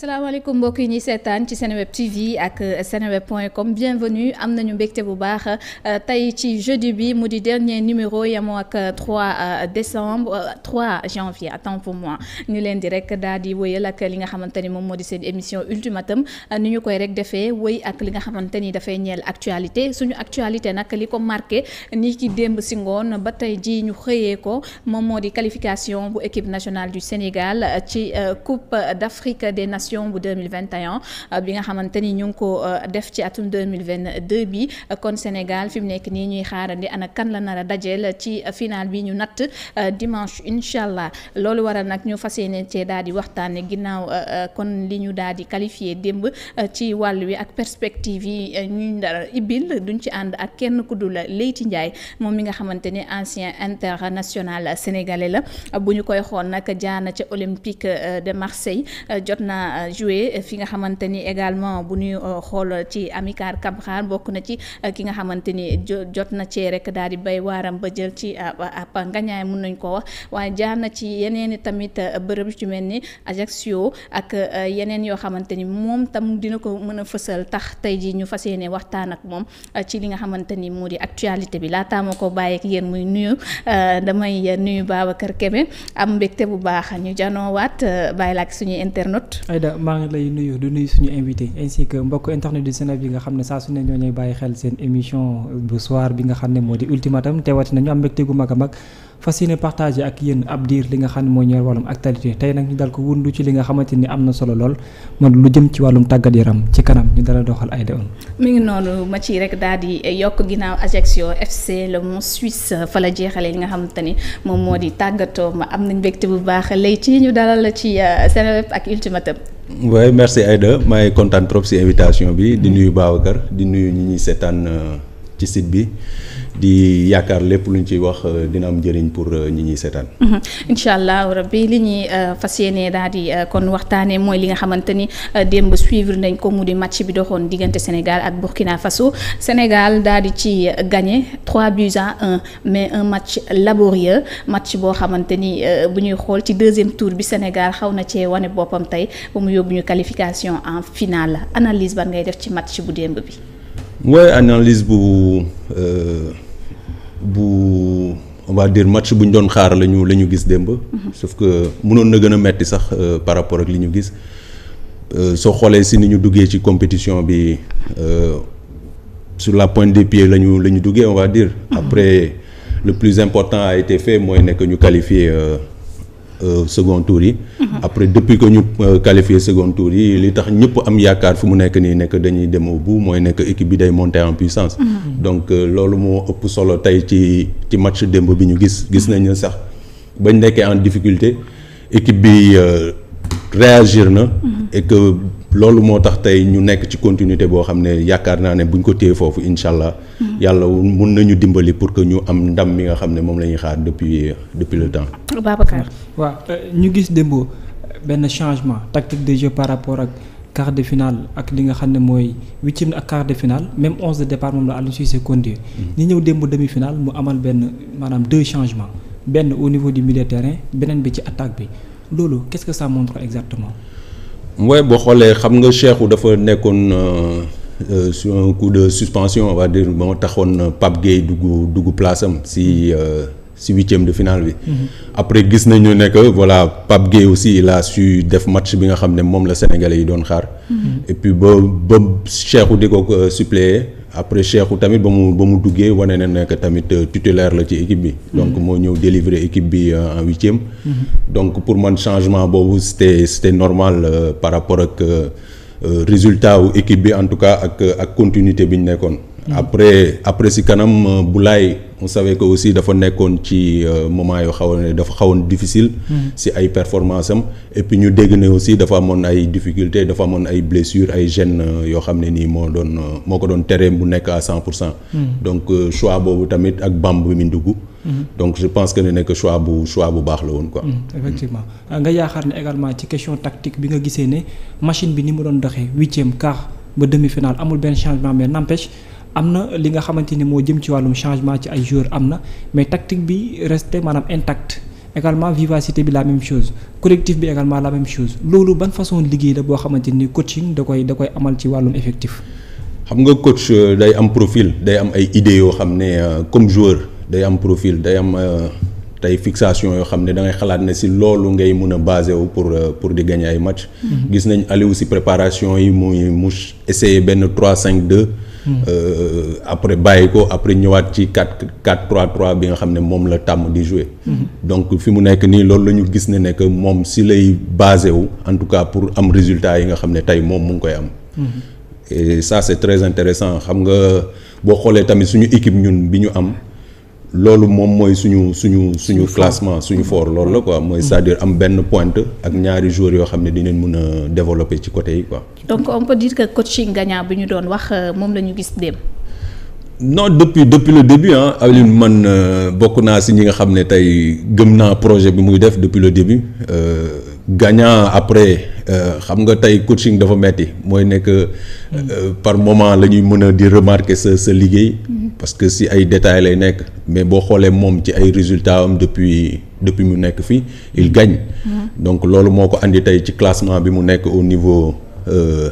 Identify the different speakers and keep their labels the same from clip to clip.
Speaker 1: salaamaaleykum mbokk yi ñuy seetaan ci Seneweb TV ak point seneweb.com bienvenue am nañu mbégte bu baax euh, tey ci jeudi bi mu di dernier numéro yamoo ak trois décembre 3 euh, janvier à pour moi ñu leen di rek daal di wëyal ak li nga xamante ni moom moo di seen émission ultimatum euh, ni ñu koy rek defee wëy ak li nga xamante ni dafay ñeel actualité suñu actualité nag li ko marqué ni ki démb si ngoon ba tey ji ñu xëyee ko moom moo di qualification bu équipe nationale du Sénégal ci Coupe d'Afrique des Nations édition bu 2021 euh, bi nga xamante ni ñu ngi ko euh, def ci atum 2022 bi euh, kon Sénégal fi mu nekk nii ñuy xaarandi ana kan la nar a dajeel ci final bi ñu natt dimanche incha allah loolu waral nag ñu fas yéene cee daal di waxtaanee ginnaaw kon li ñu daal di qualifié démb ci wàll wi ak perspective yi ñu dara ibil duñ ci ànd ak kenn ku la Leyti njaay moom mi nga xamante ni ancien international sénégalais la bu ñu koy xool nag jaana ca olympique de Marseille jot na joué fi nga xamante ni également bu ñuy euh, xool ci Amilcar Cabral bokk na ci euh, ki nga xamante ni jot na cee rek daal di bay waaram ba jël ci euh, ab ngañaay mun nañ ko wax waaye jaar na ci yeneen i tamit bërëb ci mel ni Ajaccio ak yeneen yoo xamante ni moom tam dina ko mën a fësal tax tey jii ñu fas yéene waxtaan ak moom ci li nga xamante ni moo di actualité bi laataa ma ko bàyyeek yéen muy nuyu damay nuyu Babacar Kébé am mbégte bu baax ñu janoowaat bàyyi
Speaker 2: Aïda maa ngi lay nuyu du nuyu suñu invité ainsi que mbokk internet du Sénégal yi nga xam ne saa su ne ñoo ñuy bàyyi xel seen émission bu soir bi nga xam ne moo di ultimatum teewati nañu am mbégte gu mag mag fas yéene partagé ak yéen ab diir li nga xam ne moo ñëw wàllum actualité tey nag ñu dal ko wundu ci li nga xamante ni am na solo lool man lu jëm ci wàllum tàggat yaram ci kanam ñu dala doxal ay de on
Speaker 1: mi ngi noonu ma ci rek daal di yokk ginnaaw Ajaccio FC le Mont Suisse fa la jeexalee li nga xamante ni moom moo di tàggatoo ma am nañ mbégte bu baax lay ci ñu dalal la ci euh, Seneweb ak Ultimatum
Speaker 3: waaye merci Aïda maay kontaan trop si invitation bi di nuyu Babacar di nuyu ñi ñuy euh, ci site bi di yaakaar lépp luñ ci wax euh, dina am njëriñ pour euh, ñi ñuy seetaan.
Speaker 1: Mm-hmm. incha allah rabbi li ñuy euh, fas yéene daal di kon waxtaanee mooy li nga xamante ni démb suivre nañ ko mu di match bi doxoon diggante Sénégal ak Burkina Faso Sénégal daal di ci gañe trois buts à un mais un match laborieux match boo xamante ni bu ñuy xool ci deuxième tour bi Sénégal xaw na cee wane boppam tey ba mu yóbbu ñu qualification en finale analyse ban ngay def ci match bu démb bi.
Speaker 3: bu. bu on va dire match bu ñu doon xaar la ñu la ñu gis démb. Mhm. sauf que mënoon na gën a metti sax euh, par rapport ak li ñu gis euh, soo xoolee si ni ñu duggee ci compétition bi euh, sur la point de pieds la ñu la ñu duggee on va dire. Mhm. après le plus important a été fait mooy nekk ñu qualifier. Euh, Euh, second tour yi. Mhm. après depuis que ñu euh, qualifié second tour yi li tax ñëpp am yaakaar fu mu nekk nii nekk dañuy dem bu mooy nekk équipe bi day monter en puissance. Mhm. donc euh, loolu moo ëpp solo tey ci ci match démb bi ñu gis gis nañ sax bañ nekkee en difficulté équipe bi. réagir na. et que loolu moo tax tey ñu nekk ci continuité boo xam ne yaakaar naa ne buñ ko téye foofu incha allah. yàlla mun nañu dimbali pour que ñu am ndam mi nga xam ne moom la ñuy xaar depuis depuis le temps.
Speaker 2: Babacar. waaw euh, ñu gis démb euh, benn changement tactique de jeu par rapport ak. quart de finale ak li nga xam ne mooy huitième ak quart de finale même onze de départ moom la Aliou conduit mm-hmm. ñi ñëw démb demi finale mu amal benn maanaam deux changements benn au niveau du milieu terrain beneen bi ci attaque bi loolu qu'est-ce que ça montre exactement.
Speaker 3: mooy boo xoolee xam nga Cheikhou dafa nekkoon euh, euh, sur un coup de suspension on va dire moo taxoon euh, Pape Gueye dugg dugg place am si. Euh... si huitième de finale bi. Mhm. après gis nañu ne que voilà Pape Gueye aussi il a def match bi nga xam ne moom la sénégalais yi doon xaar. Mhm. et puis ba ba Cheikhou di ko euh, suppléer après Cheikhou tamit ba mu ba mu duggee wane na ne que tamit euh, titulaire la ci équipe bi. Mhm. donc moo ñëw délivrer équipe bi euh, en huitième. donc pour man changement boobu c'était c'était normal par rapport ak euh, résultat wu équipe bi en tout cas ak ak continuité bi ñu nekkoon. après après si kanam euh, Boulaye on savait que aussi dafa nekkoon ci euh, moment yoo xawoon ne dafa xawoon difficile. si mm. ay performance am. et puis ñu dégg ne aussi dafa amoon ay difficultés dafa amoon ay blessures ay gênes euh, yoo xam ne nii moo doon moo ko doon teree mu nekk à cent pour cent. Mm. donc choix boobu tamit ak bamb bi mu dugg. Mm. donc je pense que ne nekk choix bu choix bu baax la woon quoi.
Speaker 2: ci question tactique bi nga gisee ne machine bi ni mu doon doxee huitième quart amul benn changement mais n'empêche. am na li nga xamante ni moo jëm ci wàllum changement ci ay joueurs am na mais tactique bi resté maanaam intact également vivacité bi la même chose collectif bi également la même chose loolu ban façon liggéey la boo xamante ni coaching da koy da koy amal ci wàllum effectif.
Speaker 3: xam nga coach euh, day am profil day am ay idée yoo xam ne euh, comme joueur day am profil day am euh, tey fixation yoo xam ne da xalaat na si loolu ngay mun a basé wu pour pour di gagner ay match. Mm-hmm. gis nañ Aliou si préparation yi muy mu essayer benn 3 5 2. Euh, après bàyyi ko après ñëwaat ci 4 4 3 trois bi nga xam ne moom la tàmm di jouer. Mm-hmm. donc fi mu nekk nii loolu la ñu gis ne ne que moom si lay basé wu en tout cas pour am résultat yi nga xam ne tey moom mu ngi koy am. Mm-hmm. et ça très intéressant xam nga boo xoolee tamit suñu équipe ñun bi ñu am. loolu moom mooy suñu suñu suñu classement suñu fort loolu la quoi mooy mm-hmm. cest dire am benn point ak ñaari joueurs yoo xam ne di dinañ mun a développer ci côté yi quoi.
Speaker 1: donc on peut dire que coaching gagnant bi ñu doon wax euh, moom la ñu gis dem.
Speaker 3: non depuis depuis le début ah Alioune man euh, bokk naa si ñi nga xam ne tey gëm naa projet bi muy def depuis le début euh, gagnant après xam nga tey coaching dafa metti mooy nekk par moment la ñuy mën a di remarquer sa sa liggéey mm-hmm. parce que si ay détails lay nekk mais boo xoolee moom ci ay résultat am depuis depuis mu nekk fii il gagne mm-hmm. donc loolu moo ko andi tey ci classement bi mu nekk au niveau Euh,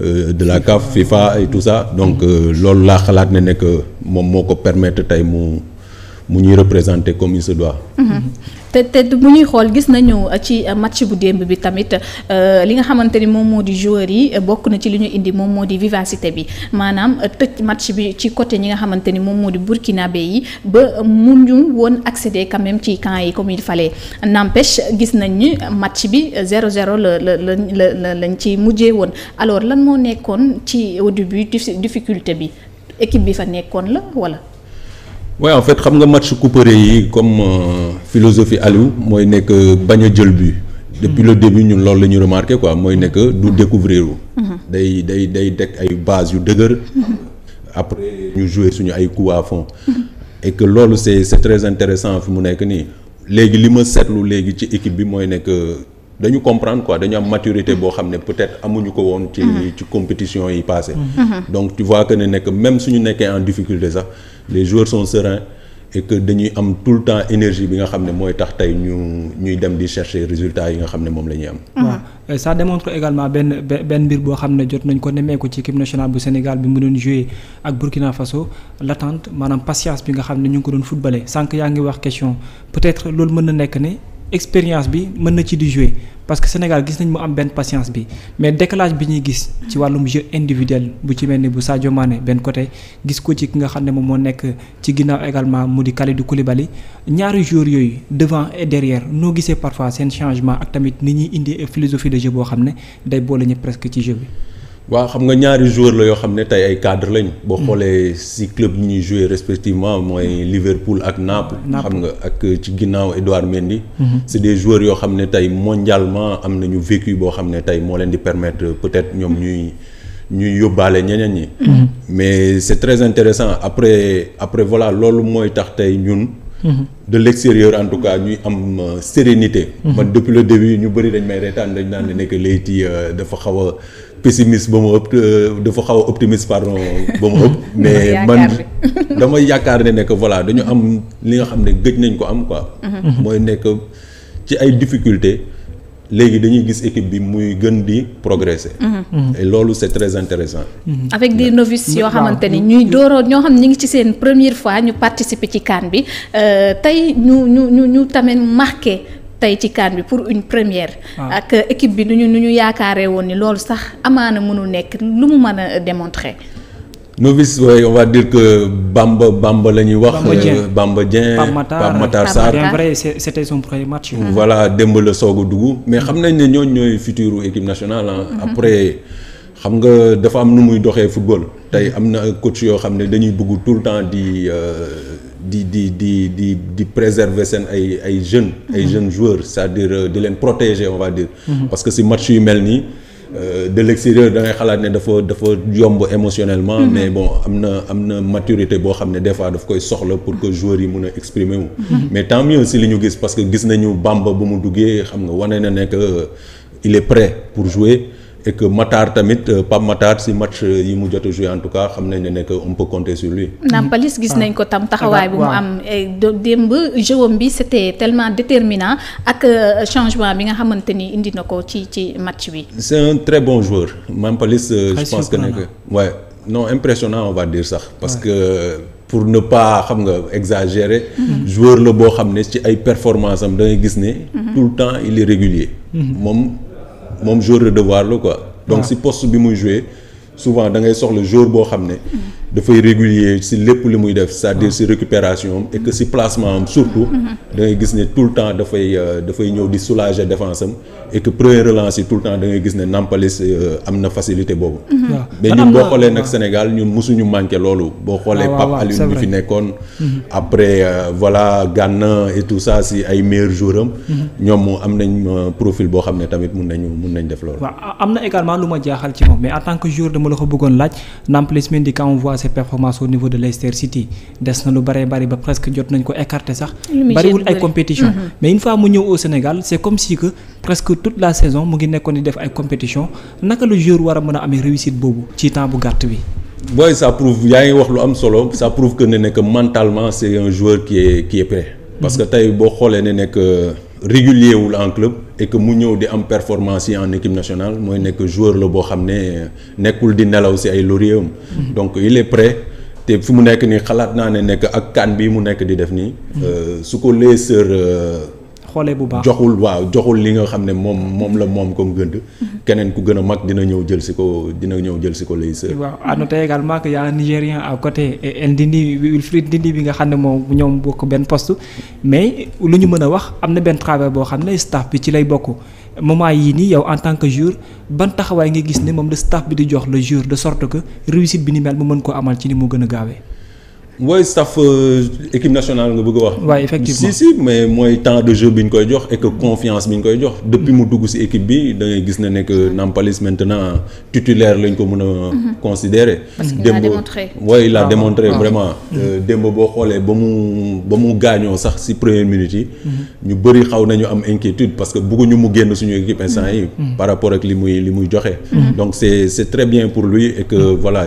Speaker 3: euh, de la CAF FIFA et tout ça donc euh, loolu laa xalaat ne nekk moom moo ko permettre tey mu. mu ñuy représenter comme il se doit.
Speaker 1: te te bu ñuy xool gis nañu euh, ci euh, match bu démb bi tamit euh, li nga xamante ni moom moo di joueurs yi bokk na ci li ñu indi moom moo di vivacité bi maanaam tëj match bi ci côté ñi nga xamante ni moom moo di burkinabé yi ba mënuñu woon accéder quand même ci camp yi comme il fallait n'empêche gis nañ ni match bi 0-0 la la la lañ ci mujjee woon alors lan moo nekkoon ci au début difficulté bi équipe bi fa nekkoon la wala.
Speaker 3: waaw en fait xam nga match couperé yi comme euh, philosophie Aliou mooy nekk euh, bañ a jël bi depuis le début ñun loolu la ñu remarqué quoi mooy nekk euh, du découvrir day day day dekk ay base yu dëgër. après ñu jouer suñu ay coups à fond. et que loolu c'est c'est très intéressant fi mu nekk nii léegi li ma seetlu léegi ci équipe bi mooy nekk. Euh, dañu comprendre quoi dañu am maturité boo xam ne peut-être amuñu ko woon. ci mm-hmm. ci compétition yi passé mm-hmm. donc tu vois que ne nekk même suñu nekkee en difficulté sax les joueurs sont sereins et que dañuy am tout le temps énergie bi nga xam ne mooy tax tey ñu ñuy dem di chercher résultats yi xam ne moom la ñuy am.
Speaker 2: Mm-hmm. waaw ça démontre également benn benn mbir boo xam ne jot nañ ko nemmeeku ci équipe nationale bu Sénégal bi mu doon joué ak Burkina Faso l'attente maanaam patience bi nga xam ne ñu ngi ko doon footballé sànq yaa ngi wax question peut-être mën na nekk ne. expérience bi mën na ci di jouer parce que Sénégal gis nañ mu am benn patience bi mais décalage bi ñuy gis ci wàllum jeu individuel bu ci mel ni bu Sadio Mané benn côté gis ko ci ki nga xam ne moom moo nekk ci ginnaaw également mu di Kalidou Koulibaly ñaari joueurs yooyu devant et derrière noo gisee parfois seen changement ak tamit ni ñuy indi philosophie de jeu boo xam ne day boole ñu presque ci jeu bi.
Speaker 3: waaw xam nga ñaari joueur la yoo xam ne tey ay cadre lañu. boo xoolee si club yi ñuy joué respectivement mooy Liverpool ak Naples. xam nga ak ci ginnaaw Edouard Mendy. Mhm. c' est des joueurs yoo xam ne tey mondialement am na ñu vécu boo xam ne tey moo leen di permettre peut-être ñoom ñuy ñuy yóbbaale ñeneen ñi. Mhm. mais c' est très intéressant après après voilà loolu mooy tax tey ñun. Mhm. de l' extérieur en tout cas ñuy am euh, sérénité. man depuis le début ñu bëri dañ may reetaan dañ naan ne nekk Leyti euh, dafa xaw a. pessimiste ba ma ëpp euh, dafa xaw a optimiste pardon ba ma ëpp mais man dama yaakaar ne ne que voilà dañu am li nga xam ne gëj nañ ko am quoi mm-hmm. mooy nekk ci ay difficulté léegi dañuy gis équipe bi muy gën di progresser mm-hmm. loolu c'est très intéressant
Speaker 1: mm-hmm. avec des novices yoo xamante ni ñuy dooroo ñoo xam ñi ngi ci seen première fois ñu participer ci CAN bi euh, tey ñu ñu ñu ñu tamit marqué tey ci CAN bi pour une première. Ah. ak équipe bi nu ñu nu ñu yaakaaree woon ni loolu sax amaana mënul nekk lu mu mën a démontrer.
Speaker 3: novice ouais, on va dire que Bamba Bamba la ñuy wax. Bamba Dieng euh, Pape Matar Sarr
Speaker 2: c'était son premier match. Mmh.
Speaker 3: voilà démb la soog a dugg. mais xam nañ ne ñooñu ñooy futur équipe nationale ah. après xam nga dafa am nu muy doxee football. tey am na coach yoo xam ne dañuy bëgg tout le temps di. Euh... di di di di di préserver seen ay ay jeunes. Mhm. ay jeunes joueurs c'est-à-dire euh, di leen protégé on va dire. Mhm. parce que si match yu mel nii. Euh, de l'extérieur da xalaat ne dafa dafa yomb émotionnellement. Mhm. mais bon am na am na maturité boo xam ne des fois daf koy soxla pour que joueurs yi mun a exprimer mais tant mieux li ñu gis parce que gis nañu Bamba bu mu duggee xam nga wane na ne que euh, il est prêt pour jouer. e que Matar tamit euh, Pape Matar si match euh, yi mu jot a joué en tout cas xam nañ ne ne que on peut compter sur lui. Nampalis gis nañ ko tam taxawaay bu mu ah, am.
Speaker 1: démb jëwam bi c'était tellement déterminant ak euh, changement bi nga xamante ni indi na ko ci ci match
Speaker 4: bi.
Speaker 3: c'est un très bon joueur Nampalis. je pense que ne que non impressionnant on va dire sax. parce que pour ne pas xam nga exagérer. Mhm. joueur la boo xam ne ci ay performance am dangay gis ne. Mhm. tout le moom joueur de devoir ko donc ah. si post bi muy jouer souvent da ngay soxla joueur boo xam ne mm. dafay régulier si lépp li muy def c'est-à-dire si récupération am et si placement am surtout mm-hmm. da gis ne tout le temps dafay euh, dafay ñëw di soulager défense am et que premier relance yi tout le temps da ngay gis ne Nampalys euh, am na facilité boobu mm-hmm. mais ñun boo xoolee nag Sénégal ñun mosuñu manqué loolu boo xoolee Pape Alioune bi fi nekkoon mm-hmm. après euh, voilà Gana et tout ça si ay meilleurs joueurs am ñoom am nañ profil boo xam ne tamit mun nañu mun nañ def loolu waaw
Speaker 2: am na également ce performances au niveau de Leicester City des na lu bëree bëri ba presque jot nañ ko écarter sax bëriwul ay compétition mm-hmm. mais une fois mu ñëw au Sénégal c'est comme si que presque toute la saison mu ngi nekkoon di def ay compétition naka lu joueur war a mën a amee réussite boobu ci temps bu gàtt bi
Speaker 3: booy ça prouve yaa ngi wax lu am solo ça prouve que ne nekk mentalement c'est un joueur qui est qui est prêt parce que tey boo xoolee ne nekk euh, régulier wul en club et que mu ñëw di am performance yi en équipe nationale mooy nekk joueur la boo xam ne nekkul di nelaw si ay lauriers am mm-hmm. donc il est te fi mu nekk nii xalaat naa ne nekk ak kan bi mu nekk di def nii. Euh, su ko les sœurs euh,
Speaker 2: xoolee bu baax joxul
Speaker 3: waaw joxul li nga xam ne moom moom la moom comme gënd. keneen ku gën a mag dina ñëw jël si ko dina ñëw jël si ko lay sër. waaw
Speaker 2: à noter également que y a un Nigérien à côté Ndindi Wilfried Ndindi bi nga xam ne moom ñoom bokk benn poste mais lu ñu mën a wax am na benn travail boo xam ne staff bi ci lay bokk. moment yi nii yow en tant que jour bantaxawaay taxawaay nga gis ne moom la staff bi di jox le jour de sorte que réussite bi ni mel mu mën koo amal ci ni mu gën a gaawee.
Speaker 3: mooy staff euh, équipe nationale nga bëgg a wax. waaw effectivement si si mais mooy temps de jeu bi ñu koy jox et que confiance bi ñu koy jox. depuis mu dugg si équipe bi da ngay gis na nekk euh, Nampalis maintenant titulaire lañ ko mën a. Mhm. considérer parce que il a ah, démontré
Speaker 4: waaw ah. il a vraiment. Mm. Euh,
Speaker 3: démb boo xoolee ba mu ba mu gaañoo sax si première minute yi. Mhm. ñu bëri xaw nañu am inquiétude parce que bëgguñu mu génn suñu équipe instant yi. Mm. Mm. par rapport ak li muy li muy joxe. donc c' est c' très bien pour lui et que voilà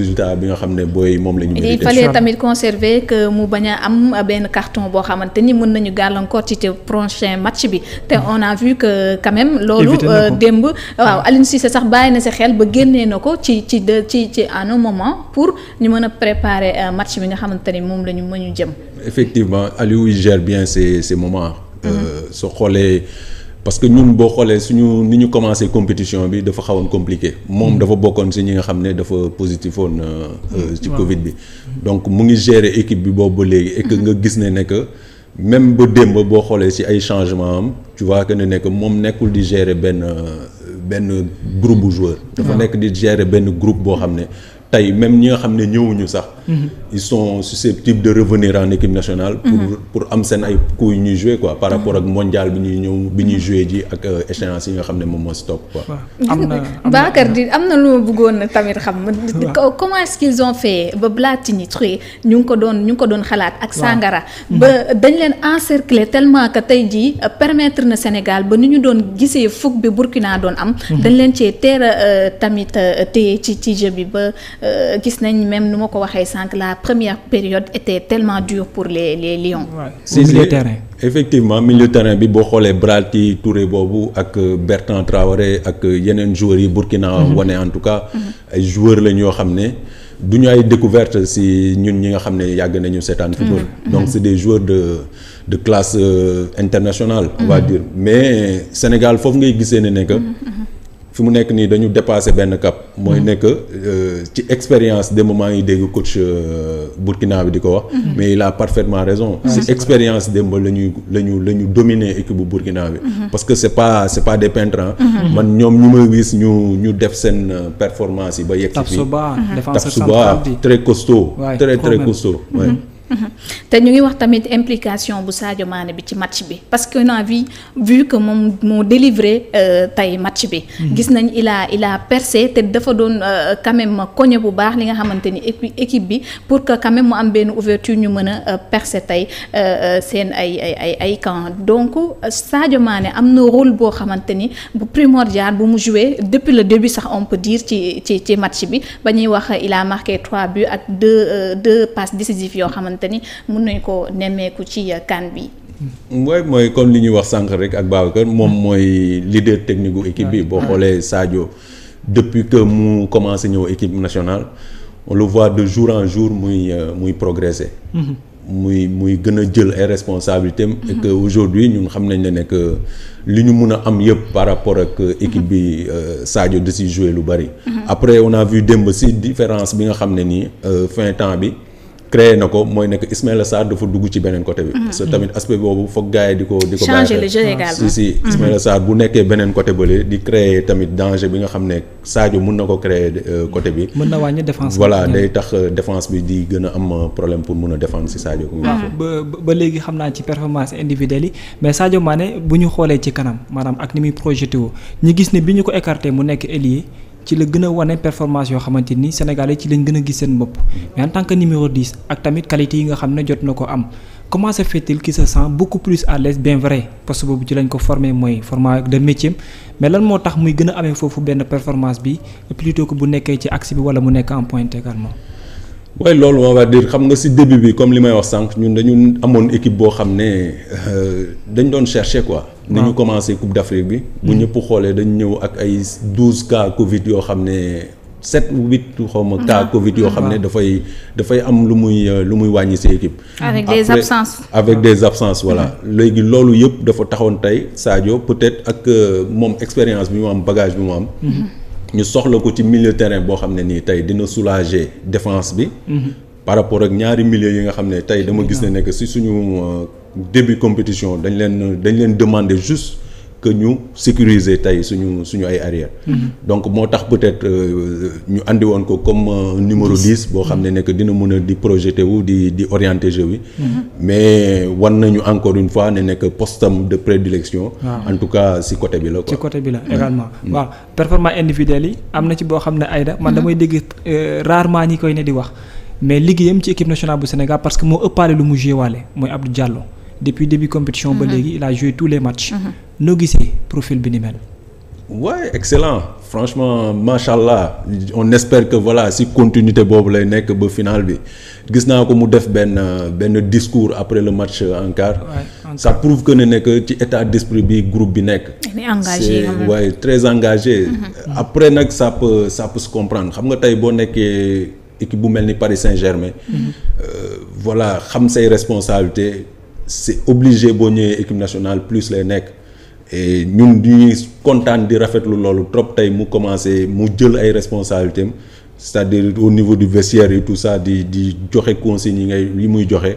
Speaker 3: résultat bi nga xam ne booy moom la ñu. mérité il fallait tamit
Speaker 1: conserver que mu bañ a am benn carton boo xamante ni mën nañu gàllankoor ci te prochain match bi te on a vu que quand même. loolu euh, démb waaw ah. Aliou Cissé sax bàyyi na si xel ba génnee na ko ci ci ci ci à moment pour ñu mën a préparer euh, match bi nga xamante ni moom la ma mën ñu jëm.
Speaker 3: effectivement Aliou il gère bien ses ses euh, mm-hmm. xoolee. parce que ñun boo xoolee suñu ni ñu commencé compétition bi dafa xawoon compliqué moom mm. dafa bokkoon si ñi nga xam ne dafa positif woon euh, euh, mm. ci Covid bi donc mu ngi gérer équipe bi boobu léegi et mm-hmm. nga gis ne ne que même ba démb boo xoolee si ay changement am tu vois que ne ne moom nekkul di gérer benn euh, benn groupe bu joueur mm-hmm. dafa nekk di gérer benn groupe boo xam ne tey même ñi nga xam ne ñëwuñu sax. Mhm. ils sont susceptibles de revenir en équipe nationale. pour mhm. pour am seen ay coups ñuy jouer quoi. par rapport mhm. ak mondial bi ñuy jouer ji ak euh, échéance yi nga xam ne moom moo si topp quoi. am na
Speaker 1: di am na lu ma bëggoon tamit xam. comment est-ce qu'ils ont fait ba Blatini Touré ñu ngi ko doon ñu ko doon xalaat ak. Sangara ba dañ leen encercler tellement que tey jii euh, permettre na Sénégal ba nu ñu doon gisee fukk bi Burkina doon am. dañ leen a euh, tamit téye ci ci jeu bi Euh, gis nañ même nu ma ko waxee sànq la première période était tellement dure pour les les Lions. Ouais. si milieu
Speaker 3: terrain effectivement milieu terrain bi boo xoolee Brati Touré boobu ak euh, Bertrand Traoré ak euh, yeneen joueurs yi Burkina mhm. wane en tout cas. Mhm. ay joueurs lañ yoo xam ne. du ñu ay découverte si ñun ñi nga xam ne yàgg nañu seetaan mhm. football donc c' des joueurs de de classe euh, internationale on mais Sénégal foofu ngay gisee ne ne fi mu nekk nii dañu dépassé benn cap. mooy mm-hmm. nekk euh, ci expérience démb maa ngi dégg coach euh, Burkina bi di ko wax. Mm-hmm. mais il a parfaitement raison. si expérience démb la ñuy la ñu la ñu dominer équipe bu Burkina bi. Mm-hmm. parce que c' est pas c' pas des peintres man ñoom ñu may gis ñu ñu def seen euh, performance yi ba yegg. fii Tafsuba défenseur central bi très costaud. très très costaud.
Speaker 1: te ñu ngi wax tamit implication bu Sadio maane bi ci match bi parce que on a vu vu que moom moo délivré euh, tey match bi. Mm-hmm. gis nañ il a il a percé te dafa doon euh, quand même koñe bu baax li nga xamante ni équipe bi pour que quand même mu am benn ouverture ñu mën a euh, percé tey seen ay ay ay ay camp donc Sadio Mané am na rôle boo xamante ni bu primordial bu mu joué depuis le début sax on peut dire ci ci ci match bi ba ñuy wax il marqué trois buts ak deux deux passes décisives yoo xamante xamante mun nañ ko nemmeeku ci euh, kan bi.
Speaker 3: mooy mooy comme li ñuy wax sànq rek ak Babacar moom mooy leader technique gu équipe bi boo xoolee Sadio depuis que mu commencé ñëw équipe nationale on le de jour en jour muy euh, muy progresser. Mm-hmm. muy muy gën a jël ay responsabilité am. et mm-hmm. que aujourd'hui ñun xam nañ ne ne que li ñu mun a am yëpp par rapport ak euh, équipe mm-hmm. bi Sadio da si jouer lu bari. après on a vu démb si différence bi nga xam ne nii fin temps bi. créé na ko mooy nekk a Sarr dafa dugg ci beneen coté bi. parce mhm. que tamit aspect boobu foog gars yi di ko. di ko bàyyi changer le jeu également si si mhm. bu nekkee beneen côté bële di créer tamit danger bi nga xam ne Sadio mun na ko créer euh, côté bi. mën na wàññi défense voilà day tax euh, defence bi di gën a am euh, problème pour mun a défendre si Sadio.
Speaker 2: ba ba léegi xam naa ci performance individuelle yi mais Sadio Mané bu ñu xoolee ci kanam maanaam ak ni muy projeté wu ñu gis ne bi ñu ko écarté mu nekk ailier. ci la gën a wane performance yoo xamante ni Sénégalais ci lañ gën gis seen bopp mais en tant que numéro 10 ak tamit qualité yi nga xam ne jot na ko am comment se fait-il qu'il plus à l'aise bien vrai que boobu ci lañ ko formé mooy format de métier mais lan moo tax muy gën a amee foofu benn performance bi plutôt que bu nekkee ci axe bi wala mu nekk en pointe également.
Speaker 3: waaye loolu on va dire xam nga si début bi comme li may wax sànq ñun dañu amoon équipe boo xam ne euh, dañ doon chercher quoi. Ah. ni ñu commencé coupe d'Afrique bi. bu hmm. ñëpp xoolee dañ ñëw ak ay douze cas Covid yoo xam ne sept ou huit xaw ma cas ah. Covid yoo xam ne hmm. dafay dafay am lu muy euh, lu muy wàññi si équipe. avec des absences avec des ah. absences voilà. Hmm. léegi loolu yëpp dafa taxoon tey Sadio peut-être ak euh, moom expérience bi mu am bagage bi mu am. ñu soxla ko ci milieu terrain boo xam ne nii tey dina soulager défense bi. Mhm. par rapport ak ñaari milieu yi nga xam ne tey dama gis ne nekk si suñu euh, début compétition dañ leen dañ leen demander juste. que ñu sécuriser tey suñu suñu ay arrière mm-hmm. donc moo tax peut-être euh, ñu andi woon ko comme euh, numéro 10 boo xam ne nekk dina mën a di projeté wu di di orienté jeu bi mm-hmm. mais wan nañu encore une fois ne nekk postam de prédilection ah. en tout cas si côté bi la quoi ci côté bi la également
Speaker 2: mm. waaw performance individuelle yi am na ci boo xam ne Aïda man damay mm-hmm. dégg euh, rarement ñi koy ne di wax mais liggéeyam ci équipe nationale bu Sénégal parce que moo ëppaale lu mu joué waale mooy Abdou depuis début compétition ba mm-hmm. léegi il a joué tous les matchs mm-hmm. noo gisee profil bi ni mel
Speaker 3: waaye excellent franchement macha allah on espère que voilà si continuité boobu lay nekk ba final bi gis naa ko mu def benn benn discours après le match en quart ça prouve que ne nekk ci état d'esprit bi groupe bi nekk waaye très engagé mm-hmm. après nag ça peut ça peut se comprendre xam nga tey boo nekkee équipe bu mel ni Paris Saint-Germain euh, voilà xam say responsabilité c'est obligé boo ñëwee équipe nationale plus lay nekk et ñun duñuy kontaan di rafetlu loolu trop tey mu commencé mu jël ay responsabilités am c'est-à-dire au niveau du vestiaire yi tout ça di di joxe consignes yi ngay yi muy joxe.